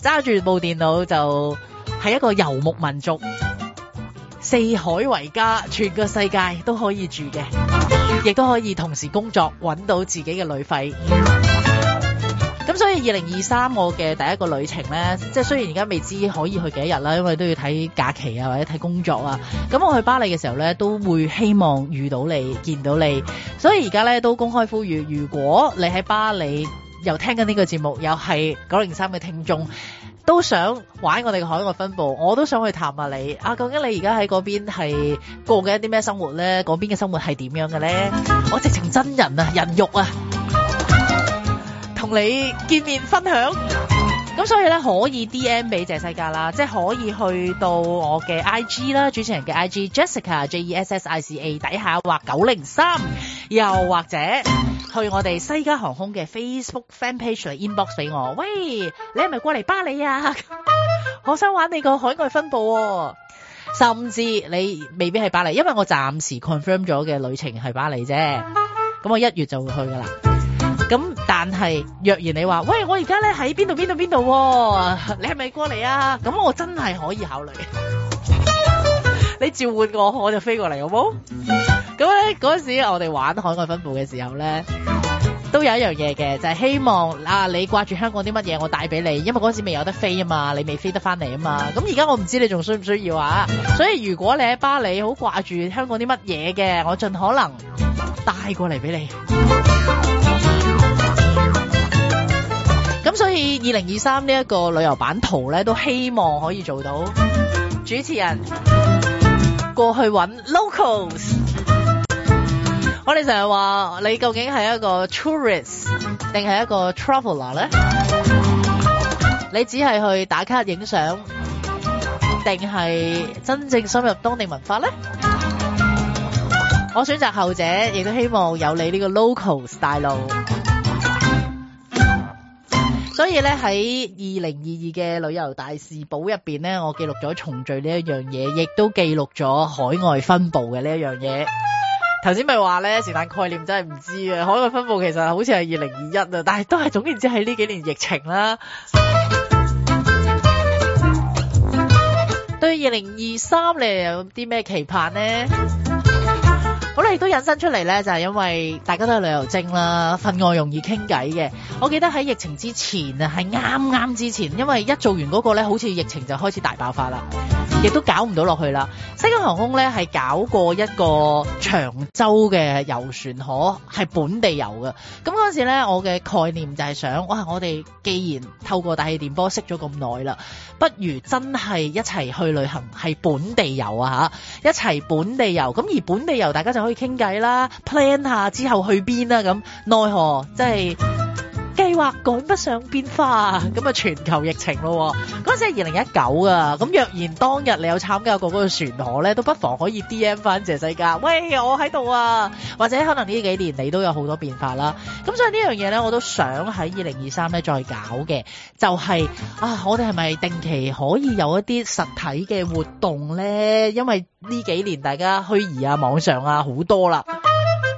揸住部電腦就係一個遊牧民族，四海為家，全個世界都可以住嘅，亦都可以同時工作，揾到自己嘅旅費。所以二零二三我嘅第一個旅程呢，即係雖然而家未知可以去幾多日啦，因為都要睇假期啊或者睇工作啊。咁我去巴黎嘅時候呢，都會希望遇到你見到你。所以而家呢，都公開呼籲，如果你喺巴黎又聽緊呢個節目，又係九零三嘅聽眾，都想玩我哋嘅海外分部，我都想去探下你。啊，究竟你而家喺嗰邊係過緊一啲咩生活呢，嗰邊嘅生活係點樣嘅呢？我直情真人啊，人肉啊！同你見面分享，咁所以咧可以 D M 俾謝西加啦，即係可以去到我嘅 I G 啦，主持人嘅 I G Jessica J E S S I C A 底下畫九零三，又或者去我哋西加航空嘅 Facebook Fan Page 嚟 inbox 俾我，喂，你係咪過嚟巴黎啊？ 我想玩你個海外分布，哦，甚至你未必係巴黎，因為我暫時 confirm 咗嘅旅程係巴黎啫，咁我一月就會去噶啦。咁但係若然你話，喂，我而家咧喺邊度邊度邊度，你係咪過嚟啊？咁我真係可以考慮， 你召喚我我就飛過嚟好冇？咁咧嗰陣時我哋玩海外分布嘅時候咧，都有一樣嘢嘅，就係希望啊你掛住香港啲乜嘢，我帶俾你，因為嗰陣時未有得飛啊嘛，你未飛得翻嚟啊嘛。咁而家我唔知你仲需唔需要啊，所以如果你喺巴黎好掛住香港啲乜嘢嘅，我盡可能帶過嚟俾你。咁所以二零二三呢一個旅遊版圖咧，都希望可以做到。主持人，過去揾 locals。我哋成日話你究竟係一個 tourist 定係一個 traveler 咧？你只係去打卡影相，定係真正深入當地文化咧？我選擇後者，亦都希望有你呢個 locals 帶路。所以咧喺二零二二嘅旅遊大事簿入邊咧，我記錄咗重聚呢一樣嘢，亦都記錄咗海外分佈嘅呢一樣嘢。頭先咪話咧，時間概念真係唔知啊！海外分佈其實好似係二零二一啊，但係都係總然之係呢幾年疫情啦。 對二零二三你有啲咩期盼呢？好啦，亦都引申出嚟咧，就係因為大家都係旅遊精啦，份外容易傾偈嘅。我記得喺疫情之前啊，係啱啱之前，因為一做完嗰個咧，好似疫情就開始大爆發啦，亦都搞唔到落去啦。西加航空咧係搞過一個長洲嘅遊船河，係本地遊嘅。咁嗰陣時咧，我嘅概念就係想，哇！我哋既然透過大氣電波識咗咁耐啦，不如真係一齊去旅行，係本地遊啊吓，一齊本地遊。咁而本地遊，大家就～去傾偈啦，plan 下之後去邊啦咁，奈何即係。即計劃趕不上變化，咁啊全球疫情咯，嗰陣時係二零一九啊，咁若然當日你有參加過嗰個船河咧，都不妨可以 D M 翻謝世嘉，喂我喺度啊，或者可能呢幾年你都有好多變化啦。咁所以呢樣嘢咧，我都想喺二零二三咧再搞嘅，就係啊，我哋係咪定期可以有一啲實體嘅活動呢？因為呢幾年大家虛擬啊、網上啊好多啦。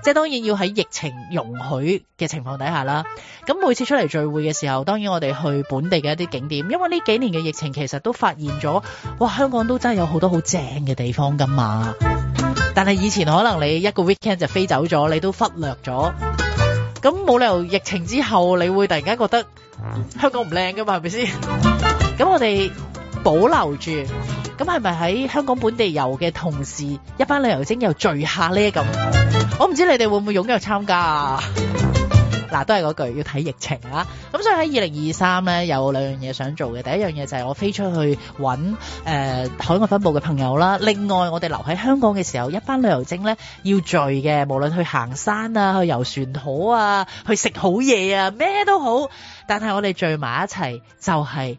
即係當然要喺疫情容許嘅情況底下啦。咁每次出嚟聚會嘅時候，當然我哋去本地嘅一啲景點，因為呢幾年嘅疫情其實都發現咗，哇！香港都真係有好多好正嘅地方㗎嘛。但係以前可能你一個 weekend 就飛走咗，你都忽略咗。咁冇理由疫情之後，你會突然間覺得香港唔靚㗎嘛？係咪先？咁我哋保留住。咁係咪喺香港本地遊嘅同時，一班旅遊精又聚下呢？咁 我唔知你哋會唔會踴躍參加啊？嗱， 都係嗰句，要睇疫情啦。咁所以喺二零二三呢，有兩樣嘢想做嘅。第一樣嘢就係我飛出去搵誒、呃、海外分部嘅朋友啦。另外，我哋留喺香港嘅時候，一班旅遊精呢，要聚嘅，無論去行山啊、去遊船河啊、去食好嘢啊，咩都好。但係我哋聚埋一齊就係、是。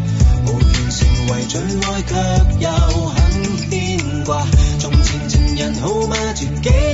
最愛卻又很牽掛，從前情人好嗎？絕跡。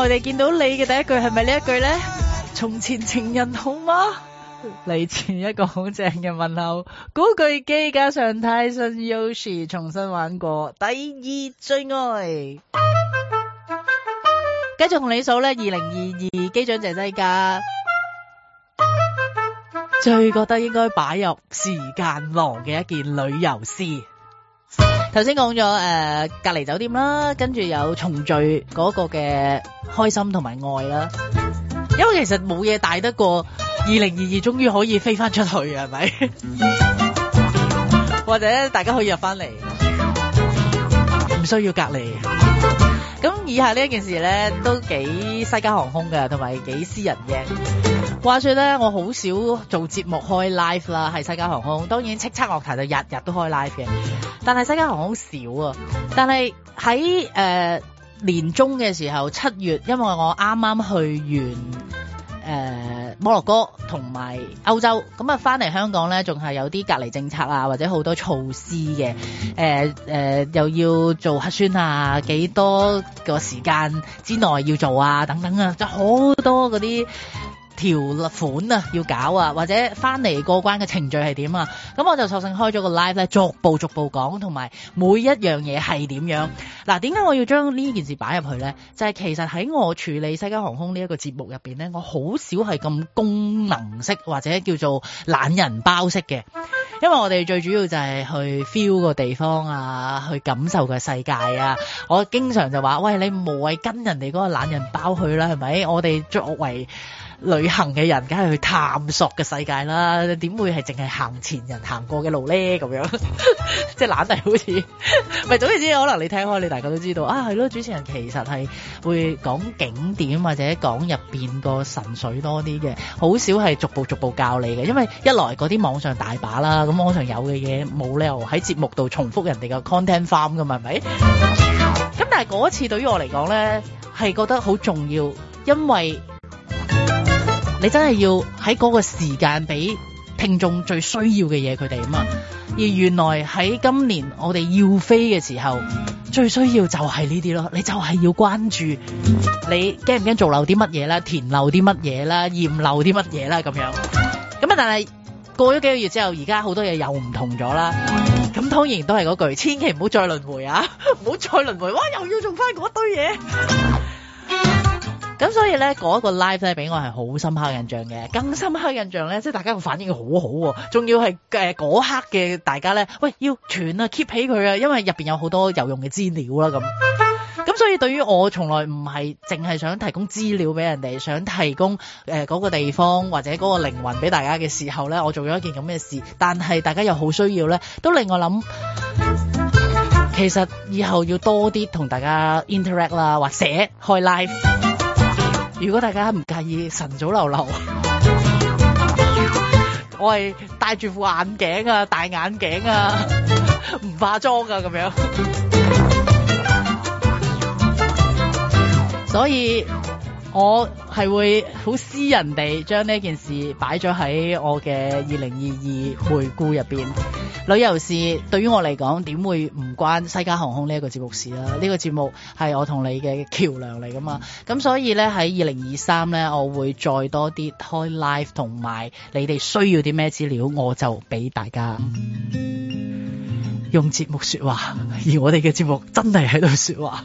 我哋見到你嘅第一句係咪呢一句咧？從前情人好嗎？嚟自一個好正嘅問候，古巨基加上泰臣 Yoshi 重新玩過第二最愛。繼續同你數咧，二零二二機長鄭世嘉最覺得應該擺入時間狼嘅一件旅遊事。頭先講咗誒，隔離酒店啦，跟住有重聚嗰個嘅開心同埋愛啦。因為其實冇嘢大得過二零二二，終於可以飛翻出去，係咪？ 或者大家可以入翻嚟，唔需要隔離。咁以下呢一件事咧，都幾西加航空嘅，同埋幾私人嘅。話說咧，我好少做節目開 live 啦，係世界航空。當然，叱咤樂壇就日日都開 live 嘅。但係世界航空少啊。但係喺誒年中嘅時候，七月，因為我啱啱去完誒、呃、摩洛哥同埋歐洲，咁啊翻嚟香港咧，仲係有啲隔離政策啊，或者好多措施嘅。誒、呃呃、又要做核酸啊，幾多個時間之內要做啊，等等啊，就好多嗰啲。條款啊，要搞啊，或者翻嚟過關嘅程序係點啊？咁我就索性開咗個 live 咧，逐步逐步講，同埋每一樣嘢係點樣。嗱、啊，點解我要將呢件事擺入去呢？就係、是、其實喺我處理西加航空呢一個節目入面呢，我好少係咁功能式或者叫做懶人包式嘅，因為我哋最主要就係去 feel 個地方啊，去感受個世界啊。我經常就話，喂，你無謂跟人哋嗰個懶人包去啦，係咪？我哋作為旅行嘅人，梗係去探索嘅世界啦，點會係淨係行前人行過嘅路咧？咁樣即係懶係好似，唔係總之，可能你聽開，你大家都知道啊，係咯，主持人其實係會講景點或者講入邊個神髓多啲嘅，好少係逐步逐步教你嘅，因為一來嗰啲網上大把啦，咁網上有嘅嘢冇理由喺節目度重複人哋個 content farm 㗎嘛，係咪？咁但係嗰次對於我嚟講咧，係覺得好重要，因為，你真係要喺嗰個時間俾聽眾最需要嘅嘢佢哋啊嘛，而原來喺今年我哋要飛嘅時候，最需要就係呢啲咯，你就係要關注你驚唔驚做漏啲乜嘢啦，填漏啲乜嘢啦，驗漏啲乜嘢啦咁樣。咁啊，但係過咗幾個月之後，而家好多嘢又唔同咗啦。咁當然都係嗰句，千祈唔好再輪迴啊！唔好再輪迴，哇！又要做返嗰堆嘢。咁所以呢，嗰、嗰個 live 咧俾我係好深刻印象嘅，更深刻印象呢，即係大家個反應好好、啊、喎，仲要係嗰、呃、刻嘅大家呢，喂要存啊 keep 起佢啊，因為入面有好多有用嘅資料啦、啊、咁。咁所以對於我從來唔係淨係想提供資料俾人哋，想提供嗰、呃嗰個地方或者嗰個靈魂俾大家嘅時候呢，我做咗一件咁嘅事，但係大家又好需要呢，都令我諗，其實以後要多啲同大家 interact 啦，或者開 live。如果大家唔介意晨早流流， 我係戴住副眼鏡啊，戴眼鏡啊，唔 化妝啊咁樣， 所以。我係會好私人地將呢件事擺咗喺我嘅二零二二回顧入邊。旅遊事對於我嚟講點會唔關西加航空呢一個節目事啦？呢個節目係我同你嘅橋梁嚟噶嘛。咁所以呢，喺二零二三呢，我會再多啲開 live 同埋你哋需要啲咩資料，我就俾大家用節目說話。而我哋嘅節目真係喺度說話。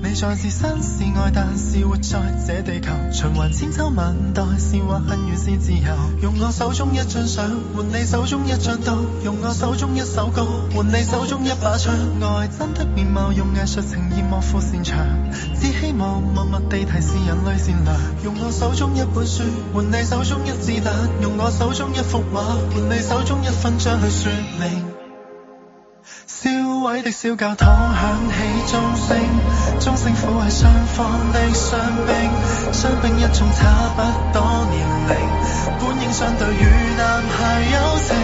你在是身是愛，但是活在這地球，循環千秋萬代。是或恨與是自由，用我手中一張相，換你手中一張刀；用我手中一首歌，換你手中一把槍。愛真的面貌，用藝術情意莫負擅長，只希望默默地提示人類善良。用我手中一本書，換你手中一子彈；用我手中一幅畫，換你手中一分鐘去說明。燒毀的小教堂響起鐘聲，鐘聲撫慰雙方的傷兵。傷兵一眾差不多年齡，本應相對與男孩友情。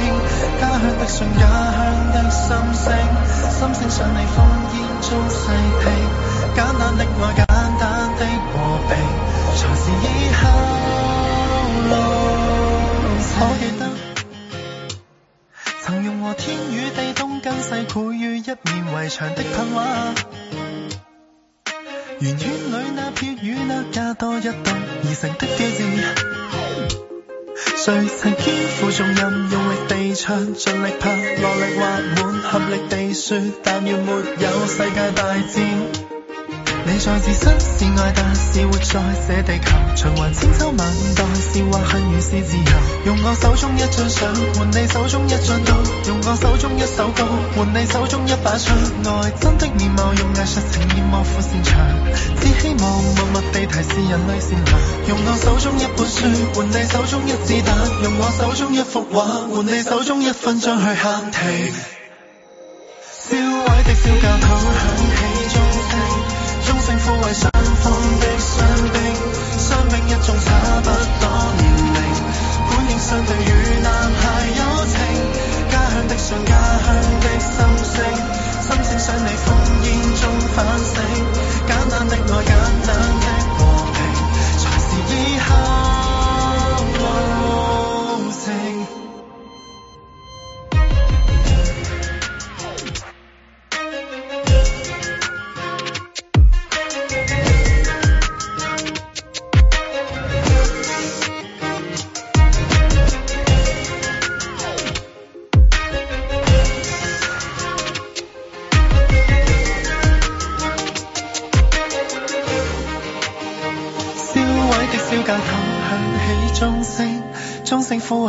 家鄉的信，家鄉的心聲，心聲想你烽煙中細聽。簡單的愛，簡單的和平，才是以後。固於一面圍牆的噴畫，圓圈裡那撇雨，那加多一檔而成的標誌。誰曾肩負重任，用力地唱，盡力拍，落力畫滿，合力地説，但願沒有世界大戰。你在自身是愛的，但是活在這地球循環千秋萬代。是或恨與是自由，用我手中一張相換你手中一張刀，用我手中一首歌換你手中一把槍。愛真的面貌，用藝術呈現莫負擅長。只希望默默地提示人類善良。用我手中一本書換你手中一支彈，用我手中一幅畫換你手中一分鐘去喊停。燒 毀的小教堂響起。撫慰雙風的傷兵，傷兵一種差不多年齡，本應相對與男孩友情，家鄉的信，家鄉的心聲，心聲想你烽煙中反省，簡單的愛，簡單的和平，才是以後。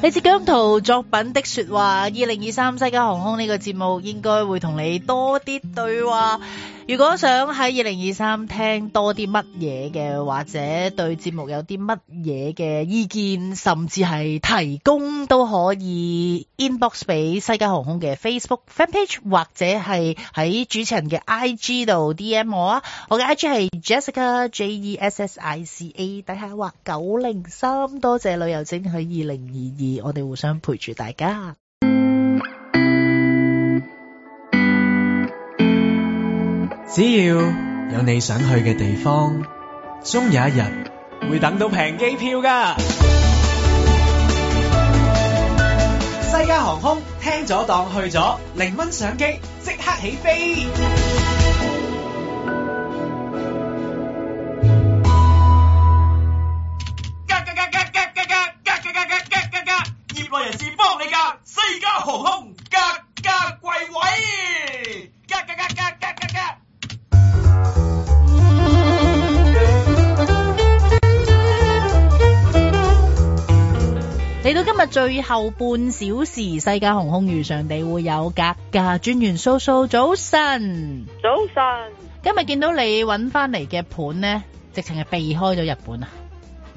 你接姜濤作品的說話，二零二三西加航空呢個節目應該會同你多啲對話。如果想喺二零二三聽多啲乜嘢嘅，或者對節目有啲乜嘢嘅意見，甚至係提供都可以 inbox 俾西加航空嘅 Facebook fan page，或者係喺主持人嘅 IG 度 DM 我啊。我嘅 IG 係 Jessica J E S S I C A 底下畫九零三，多謝旅遊精喺二零二二，我哋互相陪住大家。只要有你想去嘅地方，終有一日會等到平機票㗎。西加航空聽咗檔去咗，零蚊上機即刻起飛。最後半小時，西加航空遇上帝會有格價，專員蘇蘇，早晨，早晨，今日見到你揾翻嚟嘅盤咧，直情係避開咗日本啊。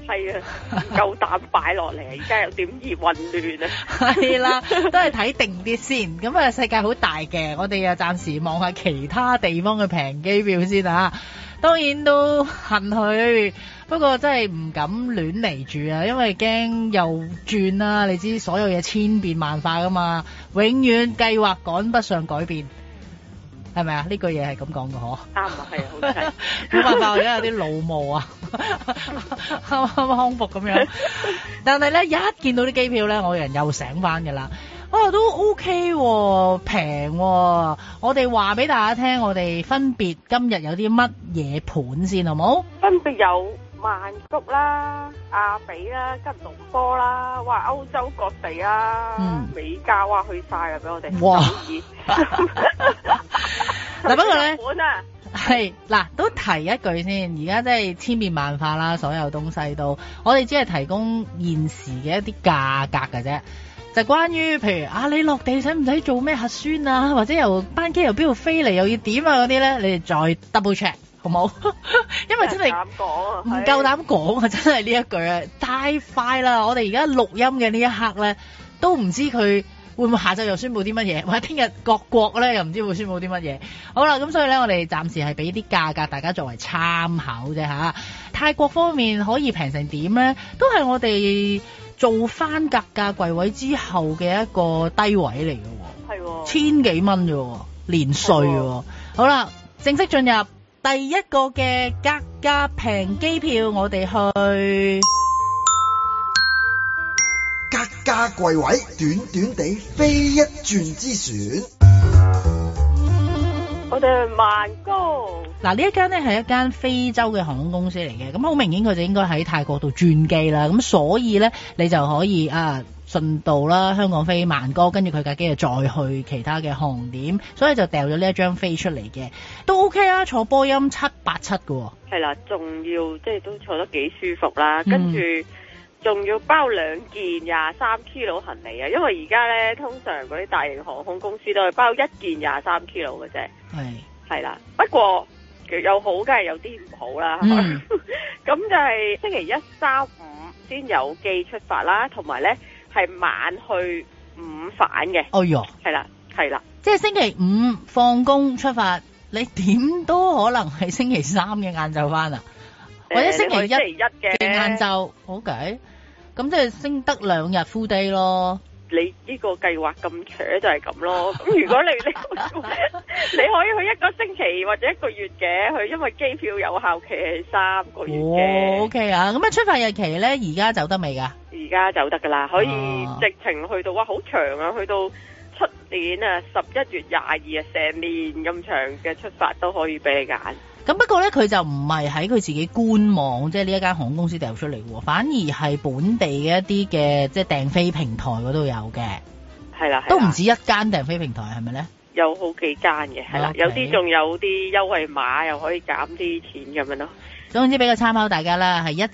是啊，係 啊，夠膽擺落嚟，而家有點亂混亂啊，係啦，都係睇定啲先，咁啊，世界好大嘅，我哋啊暫時望下其他地方嘅平機票先啊，當然都恨佢。不過真係唔敢亂嚟住啊，因為驚又轉啦。你知所有嘢千變萬化噶嘛，永遠計劃趕不上改變，係咪啊？呢句嘢係咁講噶嗬，啱啊，係 好正。冇辦法，我而家有啲腦霧啊，康復咁樣。但係咧，一見到啲機票咧，我有人又醒翻噶啦。哦、啊，都 OK 喎、啊，平喎、啊。我哋話俾大家聽，我哋分別今日有啲乜嘢盤先好冇？分別有。曼谷啦，阿比啦，吉隆坡啦，哇，歐洲各地啊，嗯、美加啊，去晒 啊，俾我哋留意。嗱，不過咧，係嗱，都提一句先，而家真係千變萬化啦，所有東西都，我哋只係提供現時嘅一啲價格㗎啫，就關於譬如啊，你落地使唔使做咩核酸啊，或者由班機由邊度飛嚟又要點啊嗰啲咧，你哋再 double check。好冇， 因為真係唔夠膽講啊！真係呢一句啊，太快啦！我哋而家錄音嘅呢一刻咧，都唔知佢會唔會下晝又宣佈啲乜嘢，或者聽日各國咧又唔知會宣佈啲乜嘢。好啦，咁所以咧，我哋暫時係俾啲價格大家作為參考啫下、啊，泰國方面可以平成點咧？都係我哋做翻格價櫃位之後嘅一個低位嚟嘅喎，係千幾蚊嘅喎，年稅喎、哦。好啦，正式進入。第一個嘅格價平機票，我哋去格價櫃位，短短地飛一轉之船，我哋去曼谷。嗱，呢一間咧係一間非洲嘅航空公司嚟嘅，咁好明顯佢就應該喺泰國度轉機啦。咁所以咧，你就可以啊。順道啦，香港飛曼谷，跟住佢架機就再去其他嘅航點，所以就掉咗呢一張飛出嚟嘅，都 OK 啦，坐波音七八七㗎喎、哦。係啦，仲要即係都坐得幾舒服啦，嗯、跟住仲要包兩件廿三 kilo 行李啊，因為而家咧通常嗰啲大型航空公司都係包一件廿三 kilo 嘅啫。係係啦，不過又好有好梗係有啲唔好啦，咁、嗯、 就係星期一、三、五先有機出發啦，同埋咧。係晚去午返嘅，哎喲，係啦，係啦，即係星期五放工出發，你點都可能係星期三嘅晏晝翻啊、呃，或者星期一嘅晏晝，好嘅，咁、OK？即係升得兩日 full day 咯。你呢個計劃咁扯就係咁咯。咁如果你你，你可以去一個星期或者一個月嘅，去因為機票有效期係三個月嘅。O、oh, K、okay. 啊，咁啊出發日期呢？而家走得未噶？而家走得噶啦，可以直情去到、oh. 哇，好長啊，去到出年啊十一月廿二啊成年咁長嘅出發都可以俾你揀。咁不過咧，佢就唔係喺佢自己官網，即係呢一間航空公司掉出嚟喎，反而係本地嘅一啲嘅，即係訂飛平台嗰度有嘅，係啦，都唔止一間訂飛平台，係咪咧？有好幾間嘅，係啦，Okay.，有啲仲有啲優惠碼，又可以減啲錢咁樣咯。總之俾個參考大家啦，係一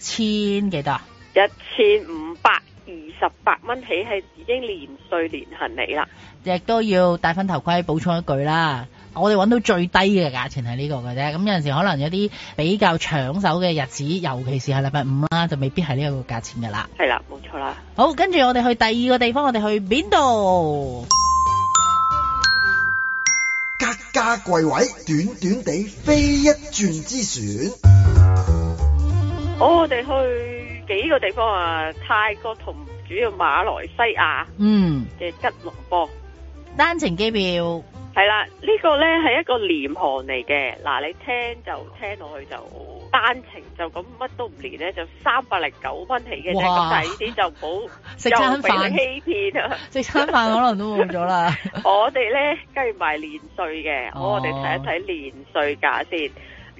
千幾多？一千五百二十八蚊起，係已經連稅連行李啦，亦都要戴翻頭盔。補充一句啦。我哋揾到最低嘅價錢係呢個嘅啫，咁有陣時可能有啲比較搶手嘅日子，尤其是係禮拜五啦，就未必係呢個價錢嘅啦。係啦，冇錯啦。好，跟住我哋去第二個地方，我哋去邊度？格價貴位，短短地飛一轉之選。好，我哋去幾個地方啊？泰國同主要馬來西亞。嗯。嘅吉隆坡單程機票。係啦，呢、呢個呢係一個廉航嚟嘅，嗱你聽就聽落去，就單程就咁乜都唔連呢，就三百零九蚊起嘅啫，咁但啲就唔好，又俾你欺騙啊！食 餐飯可能都冇咗啦。 我哋呢，跟住埋連稅嘅，oh. 我哋睇一睇連稅價先。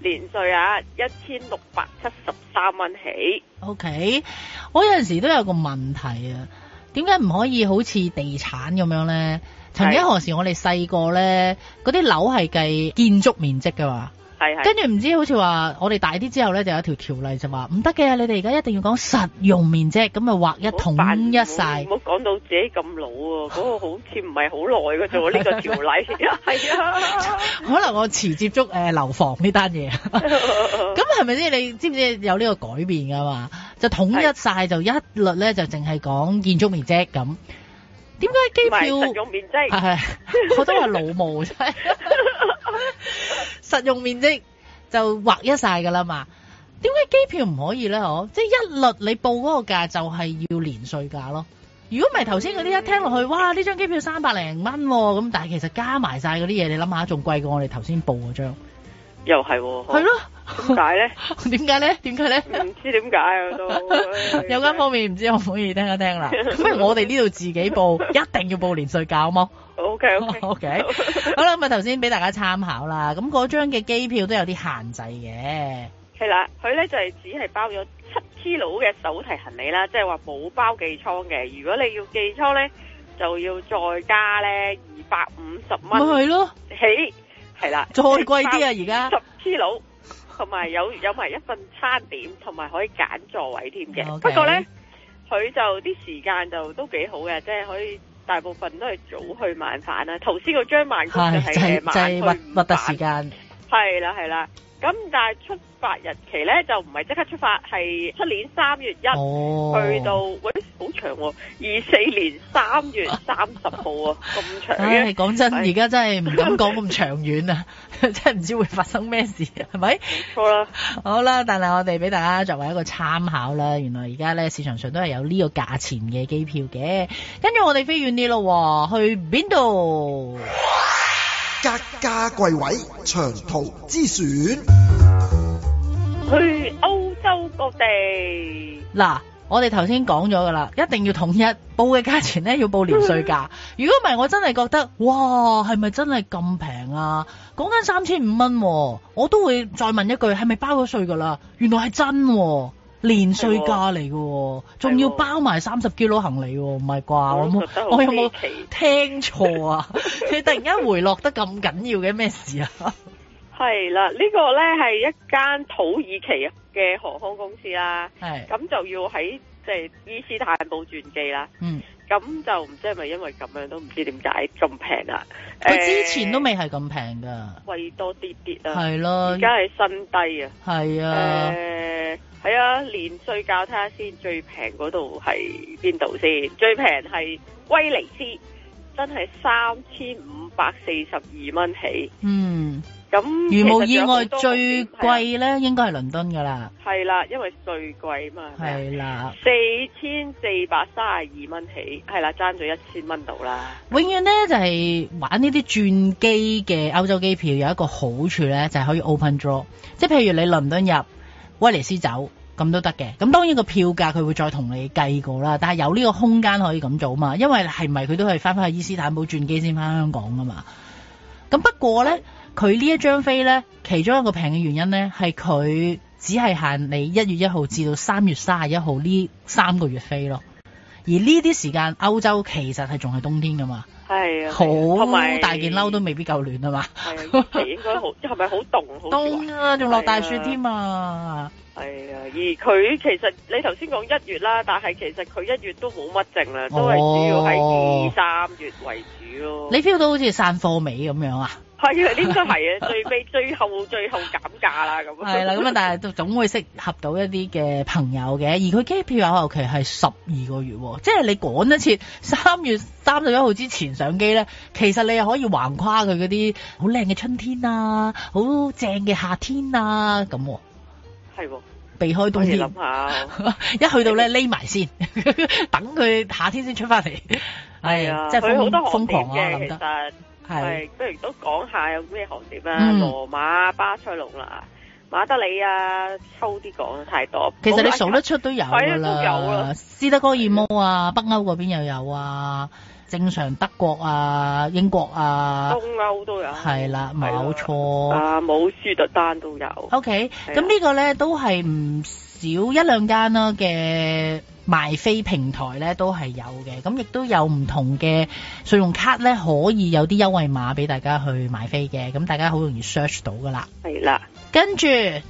年稅啊，一千六百七十三蚊起。OK，我有陣時都有個問題啊，點解唔可以好似地產咁樣呢？曾經何時我哋細個呢，嗰啲樓係計建築面積噶嘛？係，跟住唔知好似話我哋大啲之後咧，就有一條條例就話唔得嘅，你哋而家一定要講實用面積，咁啊劃一統一晒。唔好講到自己咁老啊！嗰 個好似唔係好耐嘅啫，呢 個條例係 是啊。 可能我遲接觸誒，樓房呢單嘢，咁係咪先？你知唔知有呢個改變噶嘛？就統一晒，就一律咧就淨係講建築面積咁。點解機票？實用面積係。我都話老母真 實用面積就劃一晒噶啦嘛？點解機票唔可以咧？哦，即係一律你報嗰個價就係要連稅價咯。如果唔係頭先嗰啲一聽落去，哇！呢張機票三百零蚊咁，但係其實加埋晒嗰啲嘢，你諗下仲貴過我哋頭先報嗰張。又係，哦，係咯？點解咧？點解咧？點解咧？唔知點解都。 有間方面唔知可唔可以聽一聽啦？咁不如 我哋呢度自己報，一定要報連稅價好嗎？O K O K O K，好啦咁啊，頭先俾大家參考啦。咁嗰張嘅機票都有啲限制嘅。係啦，佢咧就係只係包咗七 kilo 嘅手提行李啦，即係話冇包寄倉嘅。如果你要寄倉咧，就要再加咧二百五十蚊。咪係咯，起係啦，再貴啲啊！而家十 kilo 同埋有有埋一份餐點，同埋可以揀座位添嘅。Okay. 不過咧，佢就啲時間就都幾好嘅，即係可以。大部分都係早去晚返啦、啊，頭先個張曼谷就係晚乜乜時間，係啦係啦，咁但係出發日期咧就唔係即刻出發，係出年三月一、哦、去到，喂、哎，好長、哦，二四年三月三十號啊，咁、哎哎、長。唉，講真，而家真係唔敢講咁長遠啊， 真係唔知會發生咩事、啊，係咪？冇錯啦，好啦，但係我哋俾大家作為一個參考啦。原來而家咧市場上都係有呢個價錢嘅機票嘅，跟住我哋飛遠啲咯，去邊度？家家貴位長途之選。家家去歐洲各地嗱，我哋頭先講咗噶啦，一定要統一報嘅價錢咧，要報年稅價。如果唔係，我真係覺得，哇，係咪真係咁平啊？講緊三千五蚊，我都會再問一句，係咪包咗稅噶啦？原來係真喎、哦，年稅價嚟嘅、哦，仲、哦、要包埋三十公斤行李、哦，唔係啩？我有冇聽錯啊？你 突然間回落得咁緊要嘅咩事啊？係啦，呢、這個呢係一間土耳其嘅航空公司啦，係咁就要喺即係伊斯坦堡轉機啦。嗯，咁就唔知係咪因為咁樣都唔知點解咁平啦。佢之前都未係咁平噶貴、呃、多啲啲、啊、啦。係咯，而家係新低啊。係啊。誒、呃，係啊，連稅價睇下先，最平嗰度係邊度先？最平係威尼斯，真係三千五百四十二蚊起。嗯。咁如無意外最貴呢，最貴咧應該係倫敦噶啦，係啦，因為最貴嘛，係啦，四千四百三十二蚊起，係啦，爭咗一千蚊度啦。永遠咧就係、是、玩呢啲轉機嘅歐洲機票有一個好處咧，就係、是、可以 open draw，即係譬如你倫敦入，威尼斯走，咁都得嘅。咁當然個票價佢會再同你計過啦，但係有呢個空間可以咁做嘛，因為係咪佢都係翻翻去伊斯坦堡轉機先翻香港噶嘛。咁不過咧。佢呢一張飛咧，其中一個平嘅原因咧，係佢只係限你一月一號至到三月三十一號呢三個月飛咯。而呢啲時間，歐洲其實係仲係冬天噶嘛，好、啊、大件褸都未必夠暖啊嘛。應該好，係咪好凍？好凍啊，仲落大雪添啊！係啊，而佢、 啊啊啊啊啊、其實你頭先講一月啦，但係其實佢一月都冇乜剩啦，都係主要係二三月為主咯、啊哦。你 feel 到好似散貨尾咁樣啊？係，呢個係最尾、 最後、最後減價啦，咁係啦，咁啊，但係總會適合到一啲嘅朋友嘅。而佢機票有效期係十二個月，即係你趕一次三月三十一號之前上機咧，其實你又可以橫跨佢嗰啲好靚嘅春天啦、啊，好正嘅夏天啊，咁、啊。係，避開冬天。諗下， 一去到咧匿埋先，等佢夏天先出翻嚟，係啊，即係瘋狂瘋狂啊，諗得。係，不如都講下有咩行業啊？嗯、羅馬、巴塞隆啦、馬德里啊，抽啲講太多。其實你數得出都有噶啦、哎，斯德哥爾摩啊，北歐嗰邊又有啊，正常德國啊、英國啊，東歐都有。係啦，冇錯啊，冇舒特丹都有。O K，咁呢個咧都係唔少一兩間啦嘅。賣飛平台咧都係有嘅，咁亦都有唔同嘅信用卡咧可以有啲優惠碼俾大家去買飛嘅，咁大家好容易 search 到㗎喇。係啦。跟住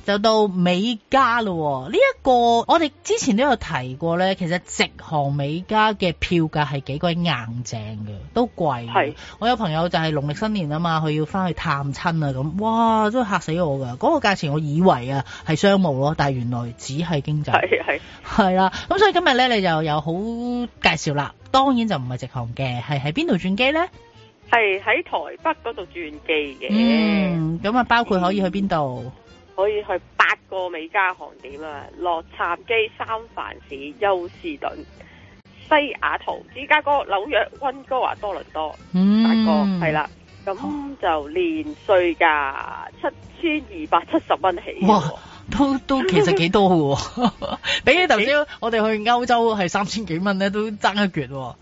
就到美加咯，呢一個我哋之前都有提過呢，其實直航美加嘅票價係幾鬼硬正嘅，都貴。係，我有朋友就係農曆新年啊嘛，佢要翻去探親啊咁，哇，都吓死我噶，嗰個價錢我以為啊係商務咯，但係原來只係經濟。係係啦，咁所以今日呢，你就有好介紹啦，當然就唔係直航嘅，係喺邊度轉機呢？係喺台北嗰度轉機嘅，咁、嗯、啊，包括可以去邊度？可以去八個美加航點啊，洛杉磯、三藩市、休士頓、西雅圖、芝加哥、紐約、溫哥華、多倫多，嗯，八個係啦，咁就年稅價，七千二百七十蚊起，哇，都都其實幾多嘅。 比起頭先我哋去歐洲係三千幾蚊咧，都爭一橛。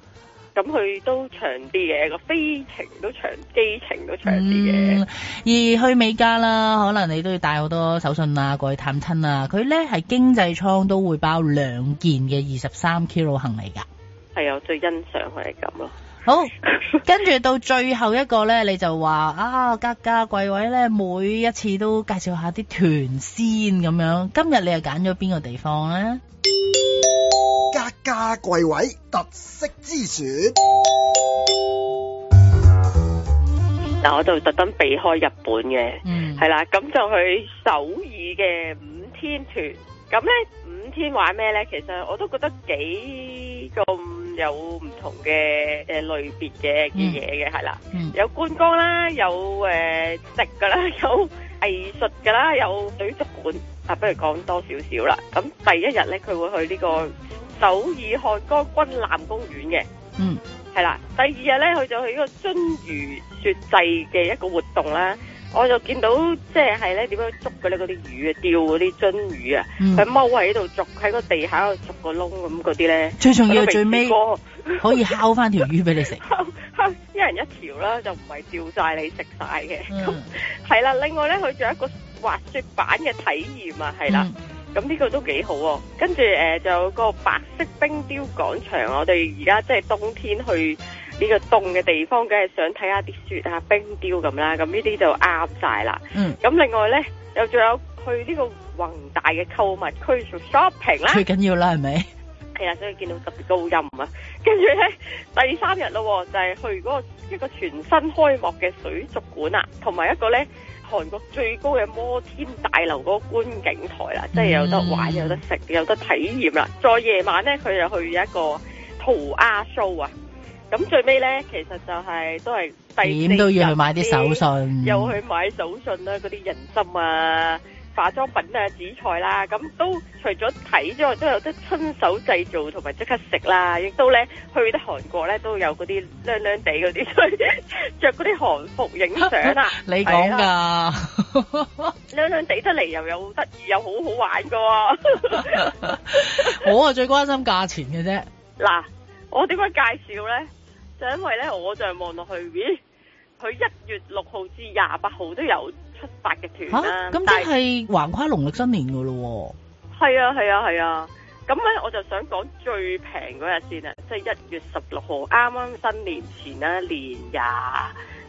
咁佢都長啲嘅，個飛程都長，機程都長啲嘅、嗯。而去美加啦，可能你都要帶好多手信啊，過去探親啊。佢咧係經濟艙都會包兩件嘅二十三 kilo 行李㗎。係啊，我最欣賞佢係咁咯。 好，跟住到最後一個咧，你就話啊，格價櫃位咧，每一次都介紹下啲團先咁樣。今日你又揀咗邊個地方咧？格價櫃位特色之選。嗱，我就特登避開日本嘅，係、嗯、啦，咁就去首爾嘅五天團。咁咧，五天玩咩咧？其實我都覺得幾咁。有唔同嘅誒類別嘅嘅嘢嘅係啦，有觀光啦，有誒食嘅啦，有藝術嘅啦，有水族館，啊不如講多少少啦。咁第一日咧，佢會去呢個首爾漢江軍艦公園嘅，係啦。第二日咧，佢就去呢個津榆雪祭嘅一個活動啦。我就見到即係係咧點樣捉嘅咧嗰啲魚啊，釣嗰啲樽魚啊，佢踎喺度捉喺個地下度捉個窿咁嗰啲咧。最重要最尾可以烤返條魚俾你食，一人一條啦，就唔係釣曬你食曬嘅。咁係啦，另外咧佢仲有一個滑雪板嘅體驗啊，係啦，咁呢個都幾好。跟住誒，就有個白色冰雕廣場，我哋而家即係冬天去。呢、這個凍嘅地方，梗係想睇下啲雪啊、冰雕咁啦，咁呢啲就啱晒啦。嗯，咁另外呢，又仲有去呢個宏大嘅購物區做 shopping 啦，最緊要啦係咪？係啊，所以見到特別高音啊。跟住呢，第三日咯，就係、是、去嗰個一個全新開幕嘅水族館啊，同埋一個呢韓國最高嘅摩天大樓嗰個觀景台啦、嗯，即係有得玩、嗯、有得食、有得體驗啦。再夜晚呢，佢就去一個塗阿 s 啊。咁最尾咧，其實就係都係點都要去買啲手信，又去買手信啦，嗰啲人參啊、化妝品啊、紫菜啦，咁都除咗睇之外，都有得親手製造同埋即刻食啦。亦都咧去得韓國咧，都有嗰啲靚靚地嗰啲，着嗰啲韓服影相啊。你講㗎，靚靚地得嚟又有得意又好好玩噶喎。我啊最關心價錢嘅啫，嗱。我點解介紹咧？就是、因為咧，我就望落去，佢一月六號至廿八號都有出發嘅團啦。咁但係橫跨農曆新年㗎咯喎。係啊係啊係啊！咁咧、啊啊啊、我就想講最平嗰、就是、日先啊，即係一月十六號，啱啱新年前啦，年廿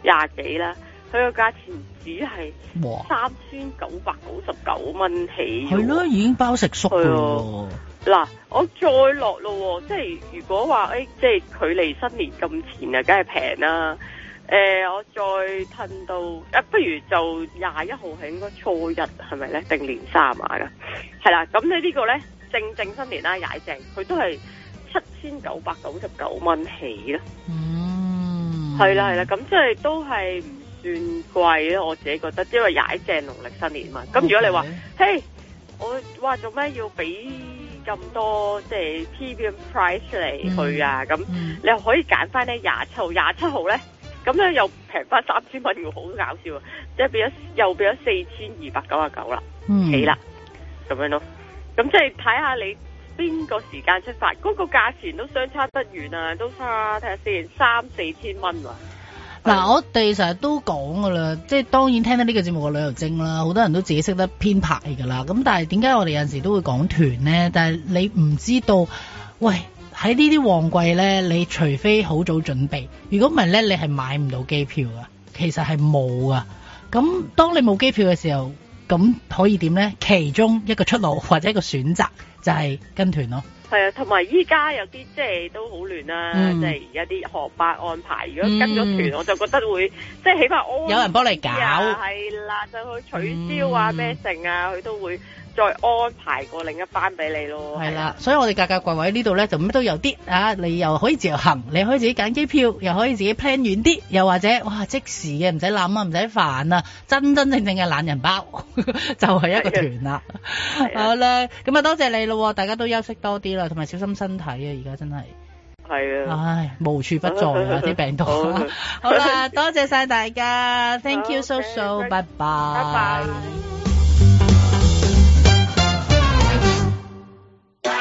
廿幾啦，佢個價錢只係三千九百九十九蚊起。係咯、啊，已經包食宿㗎。嗱、啊，我再落咯、啊，即係如果話誒、欸，即係距離新年咁前啊，梗係平啦。誒，我再褪到誒、啊，不如就廿一號係應該初一，係咪咧？定年卅晚碼噶？係啦，咁你呢個咧正正新年啦，踩正佢都係七千九百九十九蚊起咯。嗯，係啦係啦，咁即係都係唔算貴咯。我自己覺得，因為踩正農曆新年嘛。咁、okay？如果你話嘿，我話做咩要俾？咁多即係 PBM price 嚟去啊，咁、嗯、你又可以揀翻呢廿七號廿七號咧，咁咧又平翻三千蚊，好搞笑，啊，即係變咗又變咗四千二百九啊九啦，起、嗯、啦，咁樣咯，咁即係睇下你邊個時間出發，嗰、那個價錢都相差得遠啊，都差睇下先三四千蚊啊！3, 4, 嗱、嗯啊，我哋成日都講噶啦，即係當然聽到呢個節目嘅旅遊證啦，好多人都自己識得編排噶啦。咁但係點解我哋有陣時都會講團呢？但係你唔知道，喂，喺呢啲旺季呢，你除非好早準備，如果唔係呢，你係買唔到機票噶。其實係冇噶。咁當你冇機票嘅時候，咁可以點呢？其中一個出路或者一個選擇就係跟團咯。係啊，同埋依家有啲即係都好亂啦，即係而家啲航班安排，如果跟咗團，嗯，我就覺得會即係起碼我、啊、有人幫你搞，有，係啦，就去取消啊咩剩、嗯、啊，佢都會。再安排過另一班俾你咯，係啦，所以我哋價格櫃位呢度咧，就乜都有啲啊，你又可以自由行，你可以自己揀機票，又可以自己 plan 遠啲，又或者哇即時嘅，唔使諗啊，唔使煩啊，真真正正嘅懶人包，呵呵就係、是、一個團啦。好啦，咁啊多謝你咯，大家都休息多啲啦，同埋小心身體啊，而家真係係啊，唉，無處不在啊啲 病毒、啊。 好啦，多謝晒大家 ，Thank you so so，拜 -so, 拜、okay,。Okay, okay. Bye -bye. Bye -bye.